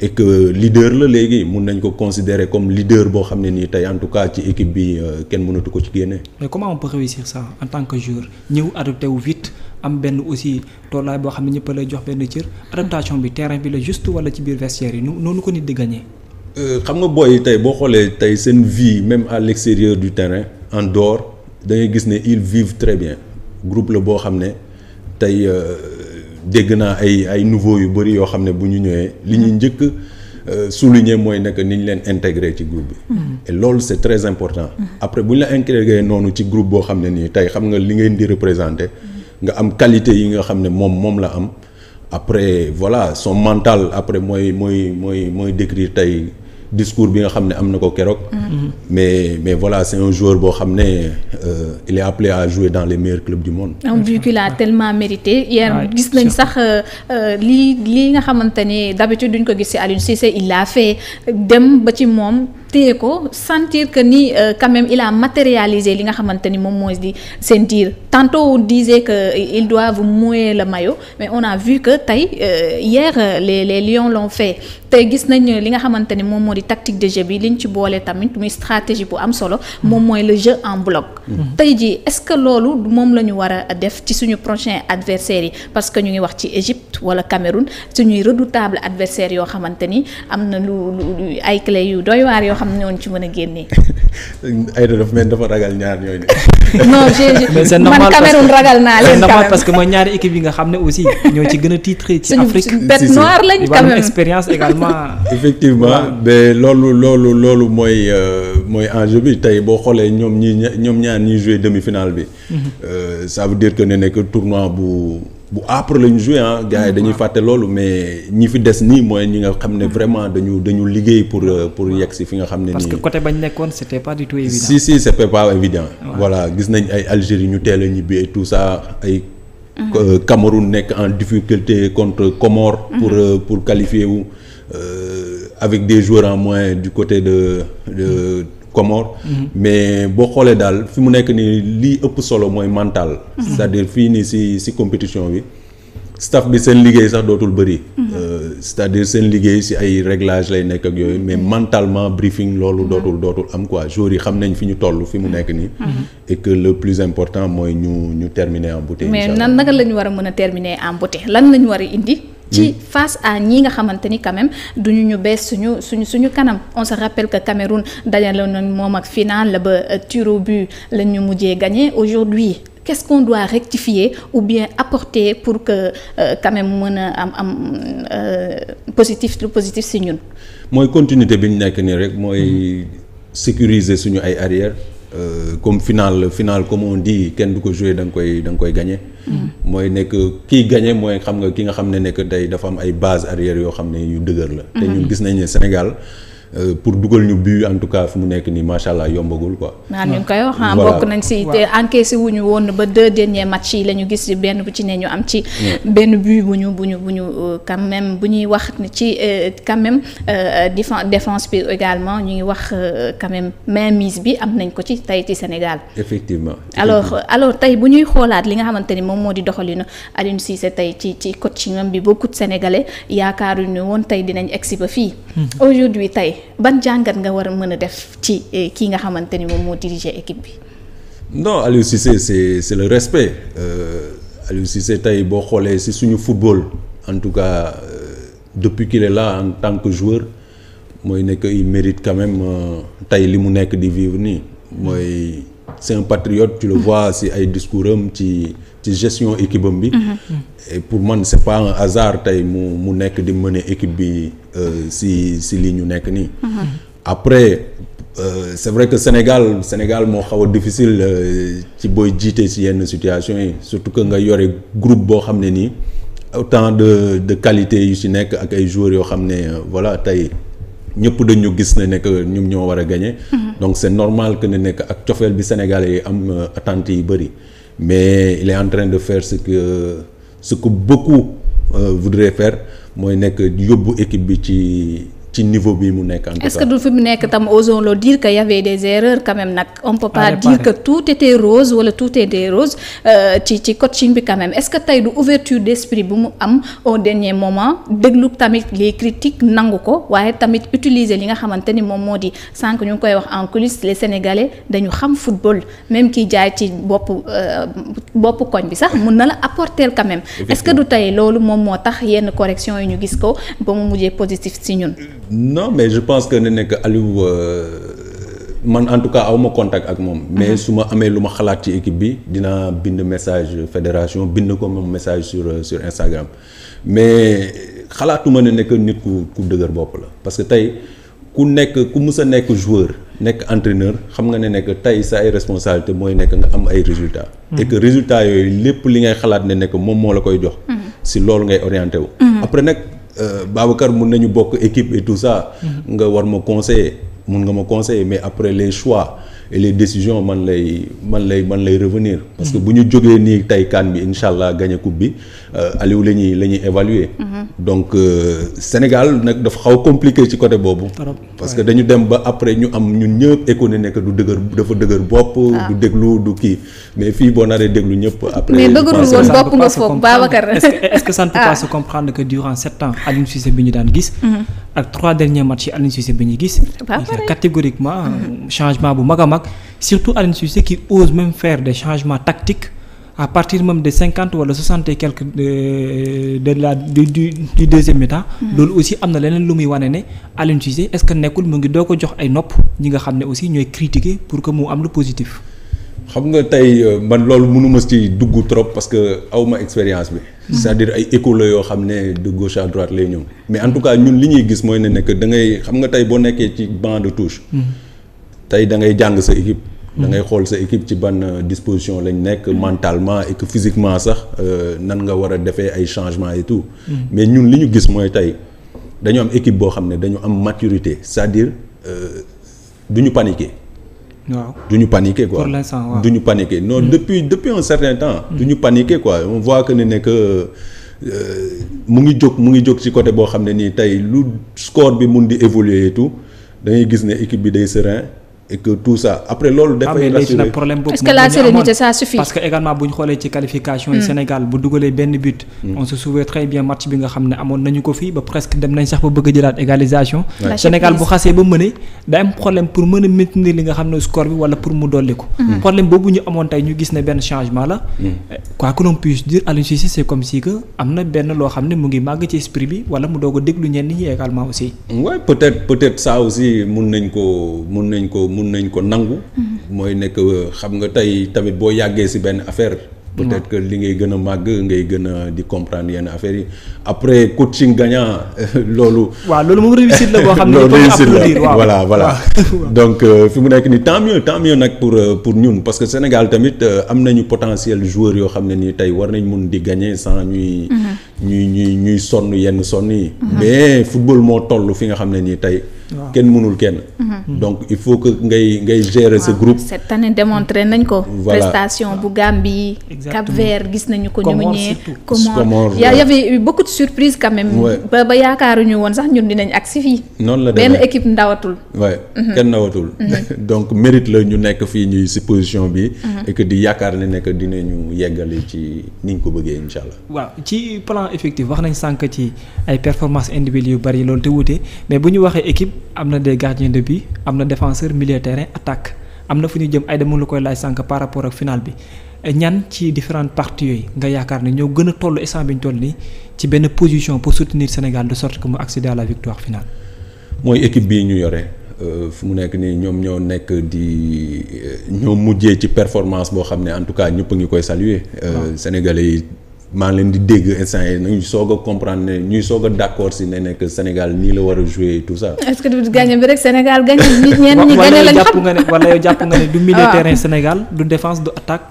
Speaker 3: et que leader la léegi mun nañ ko considérer comme leader boo xam ne nii tey en tout cas ci équipe bi euh, kenn mënatu ko ci génne.
Speaker 2: mais comment on peut réussir ça en tant que joueur ñëw adopté wu am benn aussi toolaay boo xam ne ñëpp lay jox benn cër adaptation bi terrain bi la juste wala ci biir vestiaire yi noonu ko nit di gagné.
Speaker 3: Euh, xam nga booy tey boo xoolee tey seen vie même à l'extérieur du terrain en dehors da gis ne ils vive très bien le la boo xam ne tey. Euh, dégg naa ay ay nouveau yu bëri yoo xam ne bu ñu ñëwee li ñuy njëkk euh, souligner mooy nekk ni ñu leen intégré ci groupe bi mm. et loolu c'est très important mm. après bu ñu la intégré noonu ci groupe boo xam ne nii tey xam nga li ngeen di représenté mm. nga am qualité yi nga xam ne moom moom la am après voilà son mental après mooy mooy mooy mooy décrire tey discours bi nga xam ne am na ko keroog. Mm-hmm. mais mais voilà c'est un joueur boo xam ne euh, il est appelé à jouer dans les meilleurs clubs du monde.
Speaker 1: un but qu'il a tellement mérité. hier gis nañ sax euh, euh, lii lii nga xamante ne d'habitude duñ ko gis ci Aliou Cissé il l'a fait dem ba ci moom. téye ko sentir que ni euh, quand même il a matérialisé li nga xamante ni moom mooy di sentir tantôt on disait que euh, ils doivent mouiller le maillot mais on a vu que tey euh, hier les les lion lon fait te gis nañ li nga xamante ni moom moo di tactique de jeu bi liñ ci boole tamit muy stratégie bu am solo moom mooy le jeu en bloc. Mm-hmm. tey jii est-ce que loolu moom la ñu war def ci suñu prochain adversaire yi parce que ñu ngi wax ci Égypte. Égypte wala Cameroun suñuy redoutable adversaire yoo xamante ni am na lu lu ay clé yu doy waar yoo xam ne ñooñu ci mën a génnee.
Speaker 3: ay daf mel dafa ragal ñaar ñooy non j'ai man Cameroun ragal naa leen. parce que mooy
Speaker 2: ñaari équipe yi nga xam ne aussi ñoo ci gën a titré ci Afrique suñu bête noire lañ Cameroun expérience également.
Speaker 3: effectivement mais loolu loolu mooy euh, mooy enjeu bi tey boo xoolee ñoom ñii ñoom ñaar ñuy joué demi-finale bi. sa mhm. euh, veut dire que ne nekk tournoi bu. bu après lañu joué ah gars yi dañuy fàtte loolu mais ñi fi des nii mooy ñi nga xam ne vraiment dañu dañu liggéey pour euh, pour yekk si fi nga xam ne nii. parce que
Speaker 2: côté bañ nekkoon c'était pas du tout évident. si
Speaker 3: si c'était pas évident. voilà gis nañ ay Algérie ñu teel a ñibbi et tout ça ay. Mm-hmm. Euh, Cameroun nekk en difficulté contre Comores. pour mm-hmm. euh, pour qualifier wu avec des joueurs en moins du côté de de. Comores. Mhm. mais boo xoolee daal fi mu nekk nii lii ëpp solo mooy mental. Mhm. cest à fii nii si si compétition bi. staff bi seen liggéey sax dootul bëri. Mhm. Euh, c'est-à-dire seen liggéey si ay réglage lay nekk ak yooyu mais mentalement briefing loolu dootul dootul am quoi jour yi xam nañ fi ñu toll fi mu nekk nii. et que le plus important mooy ñu ñu terminer en beauté. mais
Speaker 1: nan naka la ñu war a mën a terminer en beauté lan la ñu war a indi. ci face à ñii nga xamante ni quand du ñu ñu bees suñu suñu suñu kanam on se rappelle que Cameroun dajale nañ moom ak final la ba euh, tiro but la ñu mujjee gagné aujourd'hui qu'est-ce qu'on doit rectifier ou bien apporter pour que euh, mën a am am euh, positif lu positif si
Speaker 3: ñun. mooy continuité bi ñu nekk nii rek mooy sécuriser suñu ay arrière euh, comme final final comme on dit kenn du ko jouer da nga koy da nga koy gañe mooy nekk kiy gagné mooy xam nga ki nga xam ne nekk day dafa am ay base arrière yoo xam ne yu dëgër la. Mm-hmm. te ñu gis nañ ne Sénégal. Euh, pour dugal ñu bu en tout cas fu mu nekk nii macha allah yombagul quoi. waaw ñu ngi koy wax ah bokk nañ si te
Speaker 1: encaissé wu ñu woon ba deux derniers matchs yi la ñu gis benn bu ci ne ñu am ci. benn but bu ñu bu ñu bu ñu euh, quand même bu ñuy wax ci euh, quand même défense bi également ñu ngi wax quand même mainmise bi am nañ ko ci tey ci Sénégal.
Speaker 3: effectivement alors
Speaker 1: alors tey bu ñuy xoolaat li nga xamante ni moom moo di doxalinu Aliou Cissé tey ci ci coaching am bi beaucoup de Sénégalais ne woon tey dinañ egsi ba fii. Hmm. aujourd'hui tey. ban jàngat nga war a mën a def ci eh, kii nga xamante ni moom moo diriger équipe bi.
Speaker 3: non Aliou Cissé c'est c'est le respect euh, Aliou tey boo xoolee ci suñu football en tout cas euh, depuis qu'il est en tant que joueur mooy nekk il mérite quand même euh, tey li mu nekk di vivre nii mooy c'est un patriote tu le mm-hmm. vois ci ay discours am ci ci gestion équipe bi. Mm-hmm. et pour man c'est pas un hasard tey mu mu nekk di mener équipe bi. Euh, si si lii ñu nekk nii. Mhm. après euh, c'est vrai que Sénégal Sénégal moo xaw a difficile euh, ci booy jiite si yenn situation yi surtout que nga yore groupe boo xam ne nii autant de de qualité yu si nekk ak ay joueurs yoo xam ne euh, voilà tey. ñëpp dañu gis ne nekk ñoom ñoo war a gagner mhm. donc c'est normal que ne nekk ak cofeel bi Sénégalais yi am attentes yi bëri mais il est en de faire ce que ce que beaucoup mooy nekk yóbbu équipe bi ci ci niveau bi mu nekk en tout est-ce que du
Speaker 1: fi mu nekk tam osons-le dire que y avait des erreurs quand même nag. on peut pas dire que tout rose wala tout était rose euh, ci ci coaching bi quand même est-ce que tey du ouverture d'esprit bu mu am au dernier moment déglu tamit les critiques nangu ko waaye tamit utiliser li nga xamante ni moom moo di sànq ñu ngi koy wax en coulisses les sénégalais dañu xam football même kiy jaay ci bopp euh, boppu koñ bi sax mun na la apporter quand est-ce que du tey loolu moom moo tax yenn correction yi ñu gis ko ba mu mujjee positif si ñun.
Speaker 3: non mais je pense que ne nekk Aliou euh, man en tout cas awma contact ak moom. Mhm. mais su ma amee lu ma xalaat ci équipe bi dina bind message fédération bind ko moom message sur euh, sur Instagram mais xalaatuma ne nekk nit ku ku dëgër bopp la parce que tey ku nekk ku mus a nekk joueur nekk entraîneur xam nga ne nekk tey sa ay responsabilité mooy nekk nga am ay résultats. Mhm. et que yooyu lépp li ngay xalaat ne nekk moom moo la koy jox. Mhm. si loolu ngay orienté wu. après nag. Euh, Babacar mun na ñu bokk équipe et tout ça. Mm-hmm. nga war ma conseiller mun nga ma conseiller mais après les choix. et les décisions man lay man lay man lay revenir parce que bu ñu jógee nii tey kaan bi incha allah gagné coupe bi euh, la ñuy la évaluer mm-hmm. donc euh, Sénégal nag dafa xaw compliqué ci côté boobu parce que dañu dem ba après ñu am ñun ñëpp économie nekk du dëgër dafa dëgër bopp ah. du déglu du kii mais fii boo naree déglu ñëpp après mais dëgërul woon bopp nga foofu Babacar est-ce
Speaker 2: que ça ne peut ah. bi ñu daan gis mm-hmm. ak trois derniers matchs yi bi ñu gis. catégoriquement euh, changement bu mag a mag surtout Aliou Cissé qui ose même faire des changement tactiques à partir même de cinquante wala soixante et quelques de la du du du deuxième mi mm. loolu aussi am na leneen lu muy wane ne Aliou Cissé est-ce que nekkul mu ngi doo ko jox ay nopp ñi nga xam ne aussi ñooy critiquer pour que mu am lu positif.
Speaker 3: xam nga tey euh, man loolu munuma ci dugg trop parce que awma expérience bi. c'est-à-dire ay écho la yoo xam ne de gauche à droite lay ñëw. mais en tout cas ñun li ñuy gis mooy ne nekk dangay xam nga tey boo nekkee ci banc de touche. Mm. tey da ngay jàng sa équipe. Mm. da ngay xool sa équipe ci ban euh, disposition lañ nekk mm. mentalement et que physiquement sax euh, nan nga war a defee ay changement et tout. mais ñun li ñu gis mooy tey dañu am équipe boo xam ne dañu am maturité cest à duñu paniquer. waaw du ñu paniquer quoi pour l'instant waaw du ñu paniquer non mm. depuis depuis un certain temps. Mm. du ñu paniquer quoi on voit que ne ne que euh, mu ngi jóg mu ngi jóg ci côté boo xam ne nii tey lu score bi mun di évoluer et tout da ngay gis ne équipe bi day serein. et que ah, parce
Speaker 2: que également bu xoolee ci qualification yi. Mm. Sénégal bu dugalee benn but. Mm. on se souvient très match bi nga xam ne amoon nañu ko fii ba presque dem nañ sax ba bëgg a jëlaat égalisation. Sénégal bu xasee ba mëne day am problème pour mën a maintenir li nga xam ne score bi wala pour mu dolli ko. Mm. problème boobu ñu amoon tey ñu gis ne benn changement la. quoi que l'on puisse dire Aliou Cissé c'est comme si que am na benn loo xam ne mu ngi màgg ci esprit a déglu ñenn ñi également aussi.
Speaker 3: oui peut mun nañ ko nangu mhm. mooy nekk xam nga tey tamit boo yàggee si benn affaire peut-être que li ngay gën màgg ngay gën a di comprendre yenn affaires yi après coaching gagnant loolu. waaw loolu moom réussite la boo xam ne réussite la voilà voilà. Euh, fi mu nekk nii tant mieux nag pour euh, pour ñun parce que Sénégal tamit euh, am nañu potentiel joueur yoo xam ne nii tey war nañ mun di gagner sans ñuy. Mhm. ñuy ñuy ñuy sonn yenn sonn yi. Mhm. mais football moo toll fi nga xam ne nii tey. kenn mënul kenn. Mhm. donc il faut que ngay ngay gérer sa groupe.
Speaker 4: cette
Speaker 1: année démontré nañ ko. prestation bu Gambie. Cap Vert gis nañu ko. Comores surtout
Speaker 3: Comores y avait
Speaker 1: eu beaucoup de surprises quand même. ba ba yaakaaruñu woon sax ñun dinañ ak si fii.
Speaker 3: noonu la demee benn équipe ndawatul. waay mhm. kenn ndawatul. donc mérite la ñu nekk fii ñuy si bi. et que di yaakaar ne nekk dinañu yeggali ci ni ñu ko bëggee incha
Speaker 2: allah. effective wax nañ sànq ci ay performance individuelle yu bari loolu te wuute mais bu ñu waxee équipe am na des gardiens de am na défenseur milieu terrain attaque am na fu ñu jëm ay dama la koy laaj sànq par rapport ak final bi ñan ci différentes parties yooyu nga yaakaar ne ñoo gën a toll instant bi ñu toll nii ci benn position pour soutenir Sénégal de sorte que mu accéder a la victoire finale.
Speaker 3: mooy équipe bii ñu yore. Euh, fu mu nekk nii ñoom ñoo nekk di euh, ñoo mujjee ci performance boo xam ne en tout cas ñëpp a ngi koy saluer. Euh, ah. Sénégalais yi maa leen di dégg instant yi ñuy soog a comprendre ne ñuy soog a si ne nekk Sénégal nii la war a jouer et tout ça.
Speaker 1: est que du gagné bi rek Sénégal gagné nit ñenn ñi gagné lañ
Speaker 3: xam wala yow jàpp nga ne wala yow nga ne du milieu ah.
Speaker 2: terrain Sénégal du défense du attaque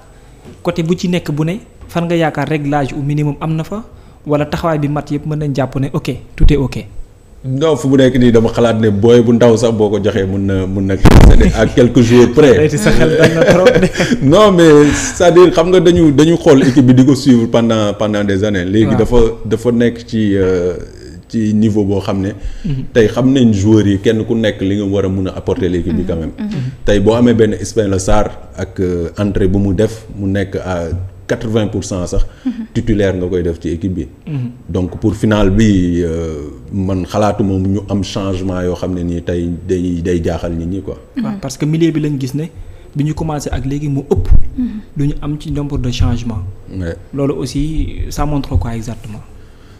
Speaker 2: côté bu ci nekk bu ne fan nga yaakaar réglage au minimum am na fa wala taxawaay bi mat yëpp mën nañ jàpp ne ok tout est ok.
Speaker 3: non fu mu nekk nii dama xalaat ne booy bu ndaw sax boo ko joxee mun na mun na ak quelques jours près non mais c'est-à-dire xam nga dañu dañu xool équipe bi di ko suivre pendant pendant des années léegi dafa dafa nekk ci euh, ci niveau boo xam ne tey xam nañ joueurs yi kenn ku nekk li nga war a mun a apporter l'équipe bi mm-hmm. quand mm-hmm. tey boo amee benn Ismaïla Sarr ak euh, entrée bi mu def mu nekk quatre vingt pour cent sax mhm. titulaire nga koy def ci équipe bi mhm. donc pour finale bi euh, man xalaatu moom ñu am changement yoo xam ne nii tey day day jaaxal nit ñi ko
Speaker 2: mhm. parce que milieu bi lañ gis ne bi ñu commencé ak léegi mu ëpp lu ñu am ci nombre de changement loolu aussi ça montre quoi exactement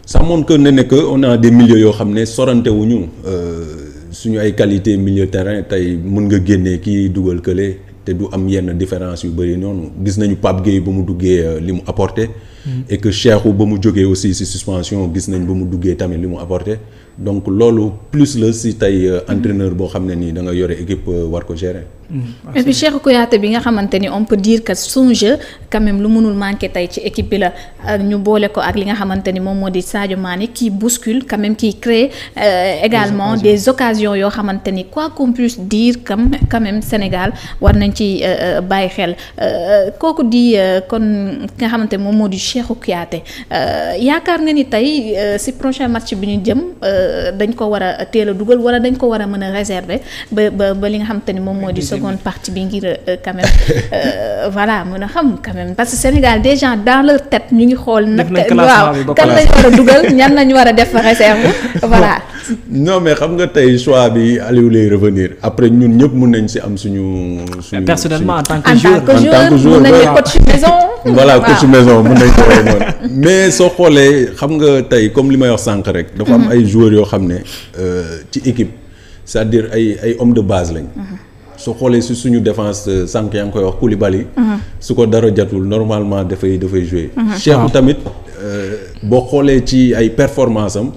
Speaker 3: ça montre que ne ne que on a des milieux yoo xam ne sorante wuñu euh, suñu ay qualité milieu terrain tey mun nga génne kii dugal kële te du am yenn différence yu bëri noonu gis nañu Pape Gueye ba mu duggee euh, li mu apporté. Mm. et que ba mu jógee aussi si suspension gis nañ ba mu duggee tamit li mu apporté. donc loolu plus la si tey euh, entraîneur boo xam ne nii da nga yore équipe euh, war ko gérer. Mm,
Speaker 1: mm. et puis Cheikhou Kouyaté bi nga xamante ni on peut dire que son jeu lu mënul manqué tey ci équipe bi la euh, ñu boole ko ak li nga xamante ni moom moo di Sadio Mané qui bouscule quand même qui crée également des occasions yoo xamante ni quoi qu'on puisse dire comme Sénégal war nañ ci bàyyi xel kooku di kon nga xamante ni moom moo di Cheikhou Kouyaté yaakaar nga ni tey si prochain match bi ñu jëm. dañ ko war a teel a dugal wala dañ ko war a mën a réserver ba ba ba li nga xam te ni moom moo di seconde partie bi ngir euh, quand même euh, voilà mën a xam quand même parce que Sénégal des gens dans leur tête ñu ngi xool nag waaw kan lañ war a dugal ñan lañ war a def réserve voilà
Speaker 3: non mee xam nga tey choix bi Aliou revenir après ñun ñëpp mun nañ si am suñu suñu personnellement en
Speaker 4: tant que tant que joueur mun nañ coach maison voilà coach maison mun
Speaker 3: nañ ko waxee mais soo xoolee xam nga tey comme li may wax sànq rek dafa am mhm. ay joueurs yoo xam ne euh, ci équipe c'est-à-dire ay ay hommes de base lañ mhm. soo xoolee si suñu défense euh, sànq yaa ngi koy wax Koulibaly mhm. su ko dara jatul normalement dafay dafay jouer Cheikhou tamit euh, boo xoolee ci ay performance am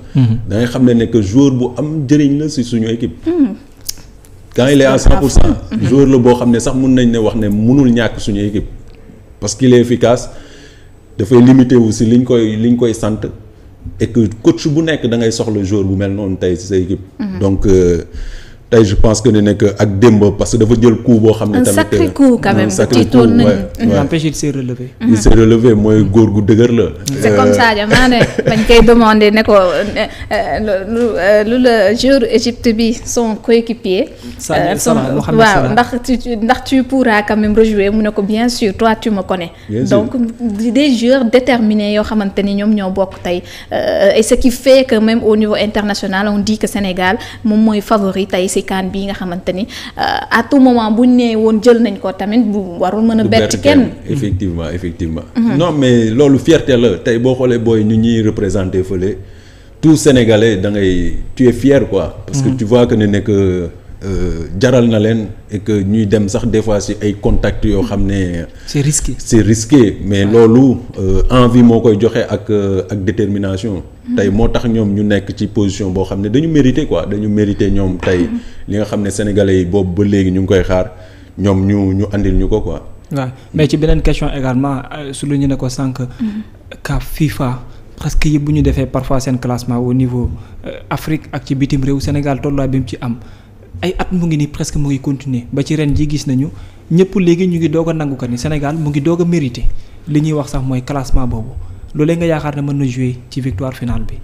Speaker 3: da xam ne ne joueur bu am njëriñ la si suñu équipe quand il est à cent pour cent joueur la boo xam ne sax mun nañ ne wax ne munul ñàkk suñu équipe parce qu'il est efficace dafay limité wu si liñ koy li liñ koy sant et que bu nekk da ngay soxla joueur bu mel noonu tey si sa équipe. Mhm. donc. Euh, tey je pense que ne nekk ak démb parce que dafa jël coup boo xam ne tamit un sacré coup quand même tiitoon nañu mhm.
Speaker 2: n'empêche il s'est relevé
Speaker 3: il mhm. s'est relevé mooy góor gu dëgër la c'est euh, comme Sadio
Speaker 1: Mané bañ koy demandé ne ko euh, euh, lu la jour Égypte bi son coéquipier son waaw ndax tu ndax tu pourras quand même rejouer mu ne ko bien sûr toi tu me connais donc des joueurs déterminés yoo xamante ni ñoom ñoo bokk tey et ce qui fait que même au niveau international on dit Sénégal moom mooy favori si kaan bii nga xamante ni euh, à tout moment buñ nee woon jël nañ ko tamit bu warul mën a bett kenn
Speaker 3: effectivement effectivement mm-hmm. non mais loolu fierté la tey boo xoolee booy ñu ñuy représenté fële tout sénégalais da ngay fier quoi parce mm-hmm. tu vois que ne nekk Euh, jaral na leen et que ñuy dem sax des fois si ay contacts yoo xam ne. c'est risqué c'est risqué mais loolu euh, envie moo koy joxe ak euh, ak détermination. Mm-hmm. tey moo tax ñoom ñu nekk ci position boo xam ne dañu mérité quoi dañu mérité ñoom tey mm-hmm. li nga xam ne sénégalais yi boobu ba léegi ñu ngi koy xaar ñoom ñu ñu andil ñu ko quoi.
Speaker 2: mais ci beneen question également souligné ne ko sànq. Mm-hmm. ka FIFA. presque yëpp bu ñu defee parfois seen classement au niveau Afrique ak ci bitim réew Sénégal tolluwaay bi mu ci am. ay at mu ngi nii presque mu ngi continuer ba ci ren ji gis nañu ñëpp léegi ñu ngi doog a nangu ko ni Sénégal mu ngi doog a mérité li ñuy wax sax mooy classement boobu loolee nga yaakaar ne mën na jouer ci victoire finale bi.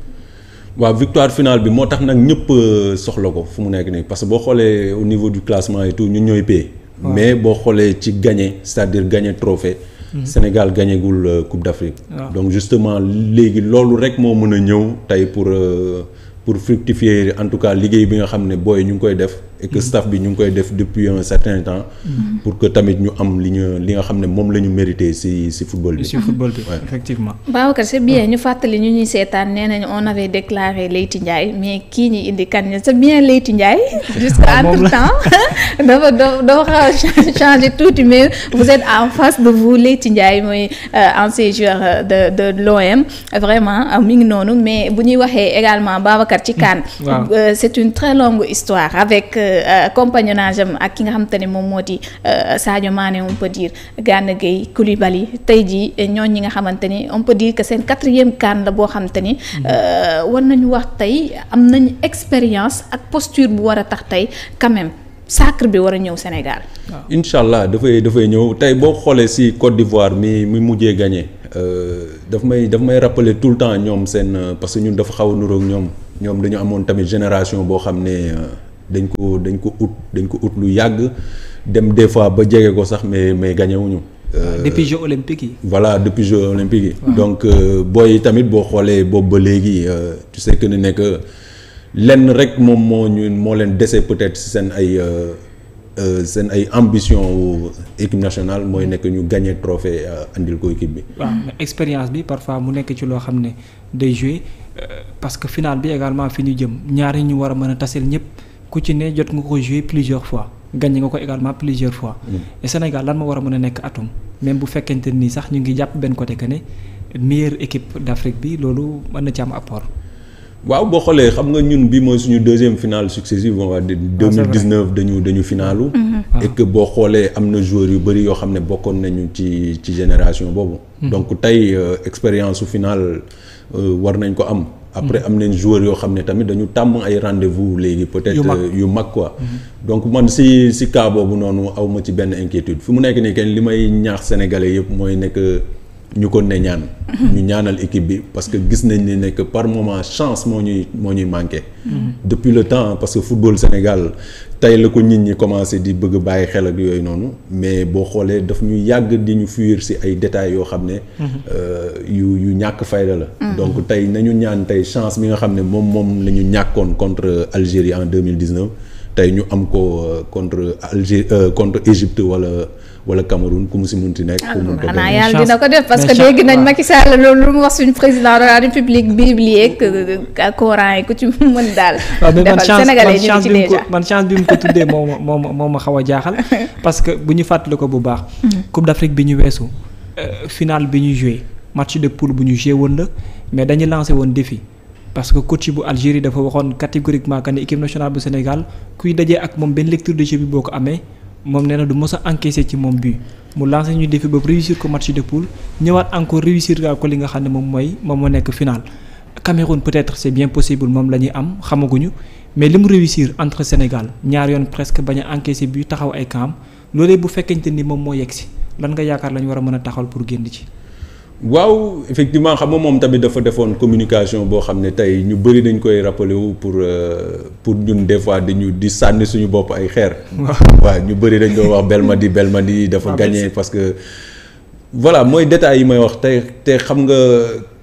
Speaker 3: waaw victoire final bi moo tax nag ñëpp euh, soxla ko fu mu nekk nii parce que boo xoolee au niveau du classement et tout ñu ñooy paye. mais boo xoolee ci gagné c'est-à-dire gagné trophée. Mmh. Sénégal gañegul euh, Coupe d'Afrique. Ah. donc justement léegi loolu rek moo mën a ñëw tey pour. Euh, pour fructifier en tout cas liggéey bi nga xam ne booy ñu ngi koy def et staff bi ñu ngi koy def depuis un temps. Mm-hmm. pour que tamit ñu am li ñu li nga xam ne moom la ñu mérité ci ci football bi. ci football bi effectivement.
Speaker 1: Babacar c'est bien ñu fàttali ñu ñuy seetaan nee nañu on avait déclaré Leyti njaay mais kii ñi indi kan c'est bien Leyti Ndiaye. jusqu'à entre ah, temps dafa dafa xaw a changé tuuti mais vous êtes en face de vous Leyti Ndiaye mooy euh, en joueur de de l'OM vraiment euh, mi ngi noonu mais bu ñuy waxee également Babacar ci kan. Mm, euh, c'est une très longue Euh, euh, compagnonnage am ak ki nga xamante ne moom moo di euh, Sadio Mané on peut dire Gana Gueye Koulibaly tey jii ñooñ ñi nga xamante ni on peut dire que seen quatrième CAN la boo xamante ni mm-hmm. war nañu wax tey am nañu expérience ak posture bu war a tax tey quand même sacre bi war a ñëw Sénégal. waaw
Speaker 3: ah. incha allah dafay dafay ñëw tey boo xoolee si Côte d'Ivoire mi mi mujjee gagné daf may daf may rappeler tout le temps ñoom seen parce que ñun dafa xaw a ñoom ñoom dañu amoon tamit génération boo xam ne. dañ ko dañ ko ut dañ ko ut lu yàgg dem des fois ba jege ko sax mais mais gagné wuñu Euh, ah, depuis yi. voilà depuis Jeux yi. donc euh, booy tamit boo xoolee boobu ba léegi euh, tu sais que ni lenn rek moom moo ñun moo leen dese peut-être seen ay euh, seen ay ambition wu équipe nationale mooy nekk ñu gagné trophée indil ko équipe bi.
Speaker 2: waaw mais expérience bi parfois mu nekk ci loo xam ne day jouer parce que finale bi également fi ñu jëm ñaar yi ñu war a mën a taseel ñëpp. ku ci ne jot nga ko joué plusieurs fois gagné nga ko également plusieurs fois. Mm. et Sénégal lan ma war a mën a nekk atum même bu fekkente nii sax ñu ngi jàpp benn côté que ne meilleure équipe d'Afrique bi loolu mën na ci am apport.
Speaker 3: waaw boo xoolee xam nga ñun bi mooy suñu deuxième finale successive on va dire 2019 ah, dañu dañu finaalu mm-hmm. ah. et boo xoolee am na joueurs yu bëri yoo xam ne bokkoon nañu ci ci génération boobu mm. donc tey euh, expérience su finale euh, war nañ ko am après am nañ joueur yoo xam ne tamit dañu tàmm ay rendez-vous léegi peut-être yu mag euh, quoi mhm. donc man si si cas bu noonu aw ma ci benn inquiétude fi mu nekk ni kenn li may ñaax sénégalais yëpp mooy nekk ñu kon ne ñaan. Mhm. ñu ñaanal équipe bi parce que gis nañ ni nekk par moment chance moo ñuy moo ñuy manqué. Mhm. depuis le temps parce que football Sénégal tey la ko nit ñi commencé di bëgg bàyyi xel ak yooyu noonu mais boo xoolee daf ñu yàgg di ñu fuir si ay détails yoo xam ne. Mhm. Euh, yu yu ñàkk fayda la. donc tey nañu ñaan tey chance bi nga xam ne moom moom la ñu ñàkkoon contre Algérie en deux mille dix-neuf tey ñu am ko euh, contre Algérie euh, contre Égypte wala wala Cameroun ku mu si munti nekk. ku mun ah, ko xanaa yàlla ko
Speaker 1: mu wax suñu président de la république biblique ak yi ku ci mën daal. Ah, defal sénégalais ñu ci déjà
Speaker 2: man chance bi mu ko tuddee moo ma moo xaw a jaaxal parce bu ñu fàttali ko bu baax. Hmm. Coupe d'Afrique bi ñu weesu euh, finale bi ñu joué match de poule bu ñu joué woon la mais dañu lancé woon défi. parce que coach bu Algérie dafa waxoon catégoriquement que ne équipe nationale bu Sénégal kuy dajee ak moom benn lecture de jeu bi boo ko amee moom nee na du mos a encaissé ci moom bi mu lancé ñu défi boobu réussir ko match de poule ñëwaat encore réussir ko li nga xam ne moom mooy moom moo nekk final. Cameroun peut-être c'est bien possible moom la ñuy am xamaguñu mais li mu réussir entre Sénégal ñaar yoon presque bañ a bi taxaw ay camp loolee bu fekkente ni moom moo yegg si lan nga yaakaar lañu war a mën a taxawal pour génn ci.
Speaker 3: waaw effectivement xam nga moom tamit dafa defoon communication boo xam ne tey ñu bëri dañ koy rappelé wu pour euh, pour ñun des fois dañu di sànni suñu bopp ay xeer. waaw ñu bëri dañ doon wax ma di dafa ah, gagné parce que voilà mooy détails yi may wax tey te xam nga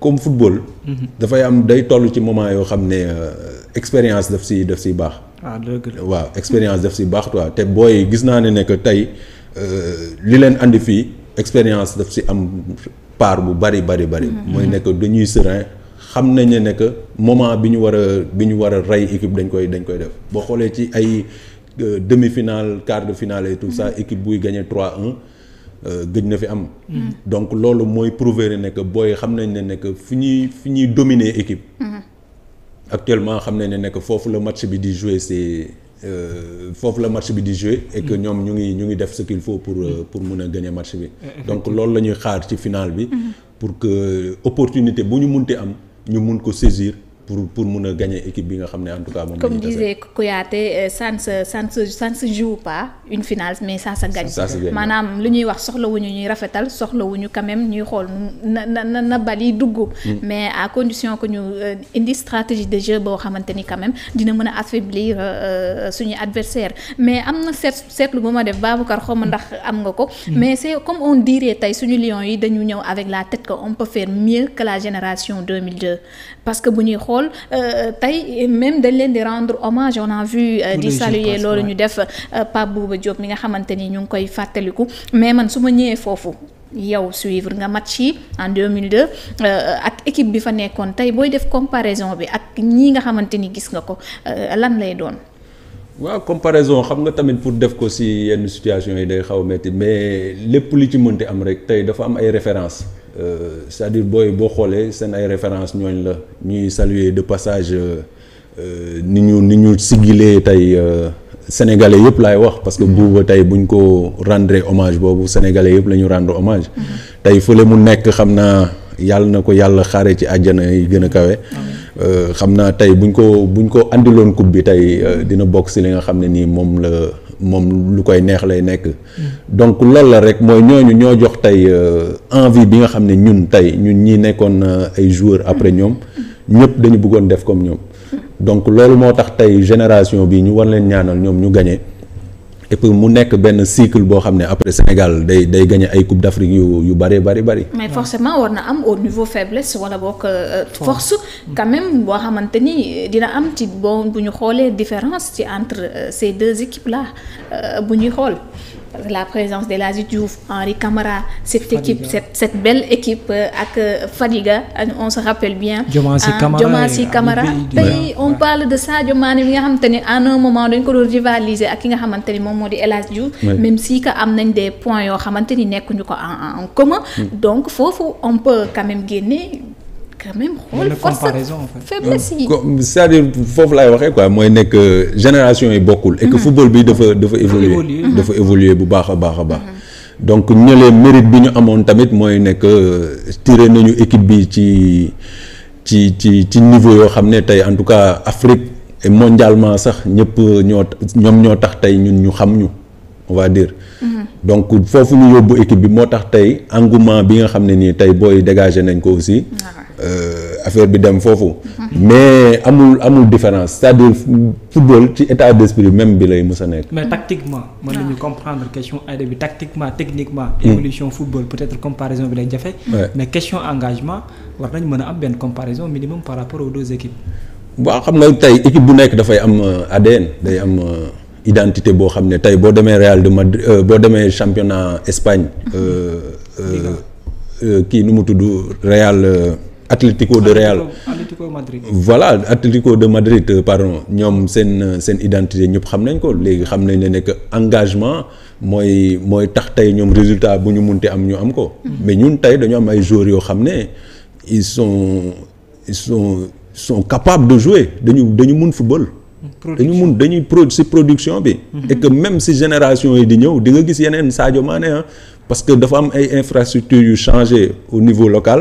Speaker 3: comme football. Mhm. dafay am day toll ci moment yoo xam ne euh, expérience def si def si baax. ah dëgg la waaw expérience daf si baax quoi te booy gis naa ne ne que tey euh, li leen andi fii expérience daf si am. part bu bari bari bari. Mm-hmm. mooy nekk dañuy serein xam nañ ne nekk moment bi ñu war a bi ñu war rey équipe dañ koy dañ koy def boo xoolee ci ay euh, demi-finale quart de finale et tout ça mm-hmm. équipe buy gagné trois 1 euh, gëj na fi am. Mm-hmm. donc loolu mooy prouver ne que booy xam nañ ne nekk fi ñuy fi ñuy dominer équipe. actuellement xam nañ ne nekk foofu la match bi di jouer c'est Euh, foofu la match bi di jouer e que ñoom ñu ngi ñu ngi def ce qu'il faut pour euh, pour mun a gën gagner match bi donc loolu la ñuy xaar ci finale bi mm-hmm. pour que opportunité bu ñu mun ti am ñu mun ko saisir pour pour mun a gagner équipe bi nga xam ne en tout cas. moom comme disait
Speaker 1: Kouyaté euh, ça ne se ça ne se une finale mais ça se gagne. maanaam lu ñuy wax soxlawuñu ñuy rafetal soxlawuñu quand même ñuy xool na na na bal yi dugg. Mm. mais à condition que ñu euh, indi stratégie de jeu boo xamante ni quand dina mën a affaiblir euh, suñu adversaire mais am na seet seetlu bu ma def Babacar xaw ma ndax am nga ko. Mm. mais c'est comme on dirait tey suñu Lions yi dañu ñëw avec la tête que on peut faire mieux que génération 2002 parce xool euh, tey même dañ leen di rendre hommage on a vu euh, di saluer loolu ñu def euh, Pape Bouba Diop mi nga xamante ni ñu ngi koy fàttaliku mais man su ma ñëwee foofu yow suivre nga match yi en 2002 ak équipe bi fa nekkoon tey booy def comparaison bi ak ñii nga xamante ni gis nga ko lan lay doon
Speaker 3: waaw comparaison xam nga tamit pour def ko si yenn situation yi day xaw metti mais lépp li ci mënti am rek tey dafa am ay référence Euh, c'est-à-dire booy boo xoolee seen ay références ñooñ la ñuy saluer de passage euh, euh, ni ñu ni ñu siggilee tey sénégalais yëpp laay wax parce que buuba tey bu buñ ko rendre hommage boobu sénégalais yëpp la ñu rendre hommage tey fële mu nekk xam naa yàlla na ko yàlla xaare ci àjjana yi gën a kawe xam naa tey buñ ko buñ ko andiloon coupe bi tey dina bokk si li nga xam ne nii moom la moom lu koy neex lay nekk. Mm. donc loolu la rek mooy ñooñu ñoo jox tey euh, envie bi nga xam ne ñun tey ñun ñi nekkoon euh, ay joueurs après ñoom ñëpp dañu bëggoon def comme ñoom. donc loolu moo tax tey génération bi ñu war leen ñaanal ñoom ñu gagné. et puis mu nekk benn cycle boo xam ne après Sénégal day day gagné ay coupe d'Afrique yu yu bari bari bari.
Speaker 1: mais forcément war na am au niveau faiblesse wala boog euh, force. quand boo xamante ni dina am ci bon bu ñu xoolee différence ci entre euh, ces deux équipes là euh, bu ñuy xool. la présence de Elhadji Diouf Henri Camara cette Fadiga. équipe cette cette belle équipe euh, ak euh, Fadiga euh, on se rappelle bien Diomansy ah, Camara tey on parle de Sadio Mané bi nga xamante ni en un moment dañ ko doon rivaliser ak ki nga xamante ni moom moo di Elhadji Diouf même si que am nañ des point yoo xamante ni nekkuñu ko en en commun mm. donc foofu on peut quand même génne quand même
Speaker 2: xool force faiblesse euh, yi
Speaker 3: c'est-à-dire foofu laay waxee quoi mooy nekk euh, génération yi bokkul et que mm-hmm. football bi dafa dafa évoluer mm-hmm. dafa évoluer bu baax a baax a baax mm-hmm. donc ñëlee mérite bi ñu amoon tamit mooy nekk euh, tiire nañu équipe bi ci ci ci ci niveau yoo xam ne tey en tout cas Afrique mondialement sax ñëpp ñoo ñoom ñoo tax tey ñun ñu xam ñu on va dire donc foofu ñu yóbbu équipe bi moo tax tey engouement bi nga xam ne nii tey booy dégagé nañ ko aussi ah, Euh, affaire bi dem foofu. mais amul amul différence c'est-à-dire football ci état d'esprit même bi lay mus a nekk.
Speaker 2: mais tactiquement. mën nañu comprendre question aide bi tactiquement techniquement. Hmm. évolution football peut-être comparaison bi lay jafe. mais question engagement war nañ mën a am benn comparaison minimum par rapport aux deux équipes.
Speaker 3: waaw xam nga tey équipe bu nekk dafay am euh, ADN day am. Euh, identité boo xam ne tey boo demee réal de Madrid boo demee championnat Espagne. Hmm. kii nu mu tudd Real. Atlético de Real
Speaker 4: Atlético Madrid.
Speaker 3: voilà Atlético de Madrid euh, pardon ñoom seen euh, seen identité ñëpp xam nañ ko léegi xam nañ ne nekk engagement mooy mooy tax tey ñoom résultat bu ñu munte am ñu am ko. mais ñun tey dañu am ay joueurs yoo xam ne ils sont ils sont capables de jouer dañu dañu mun football. dañu mun dañuy pro si production bi. Mhm. et que même si génération yi di ñëw di nga gis yeneen Sadio Mané ah parce que dafa am ay infrastructures yu changé au niveau local.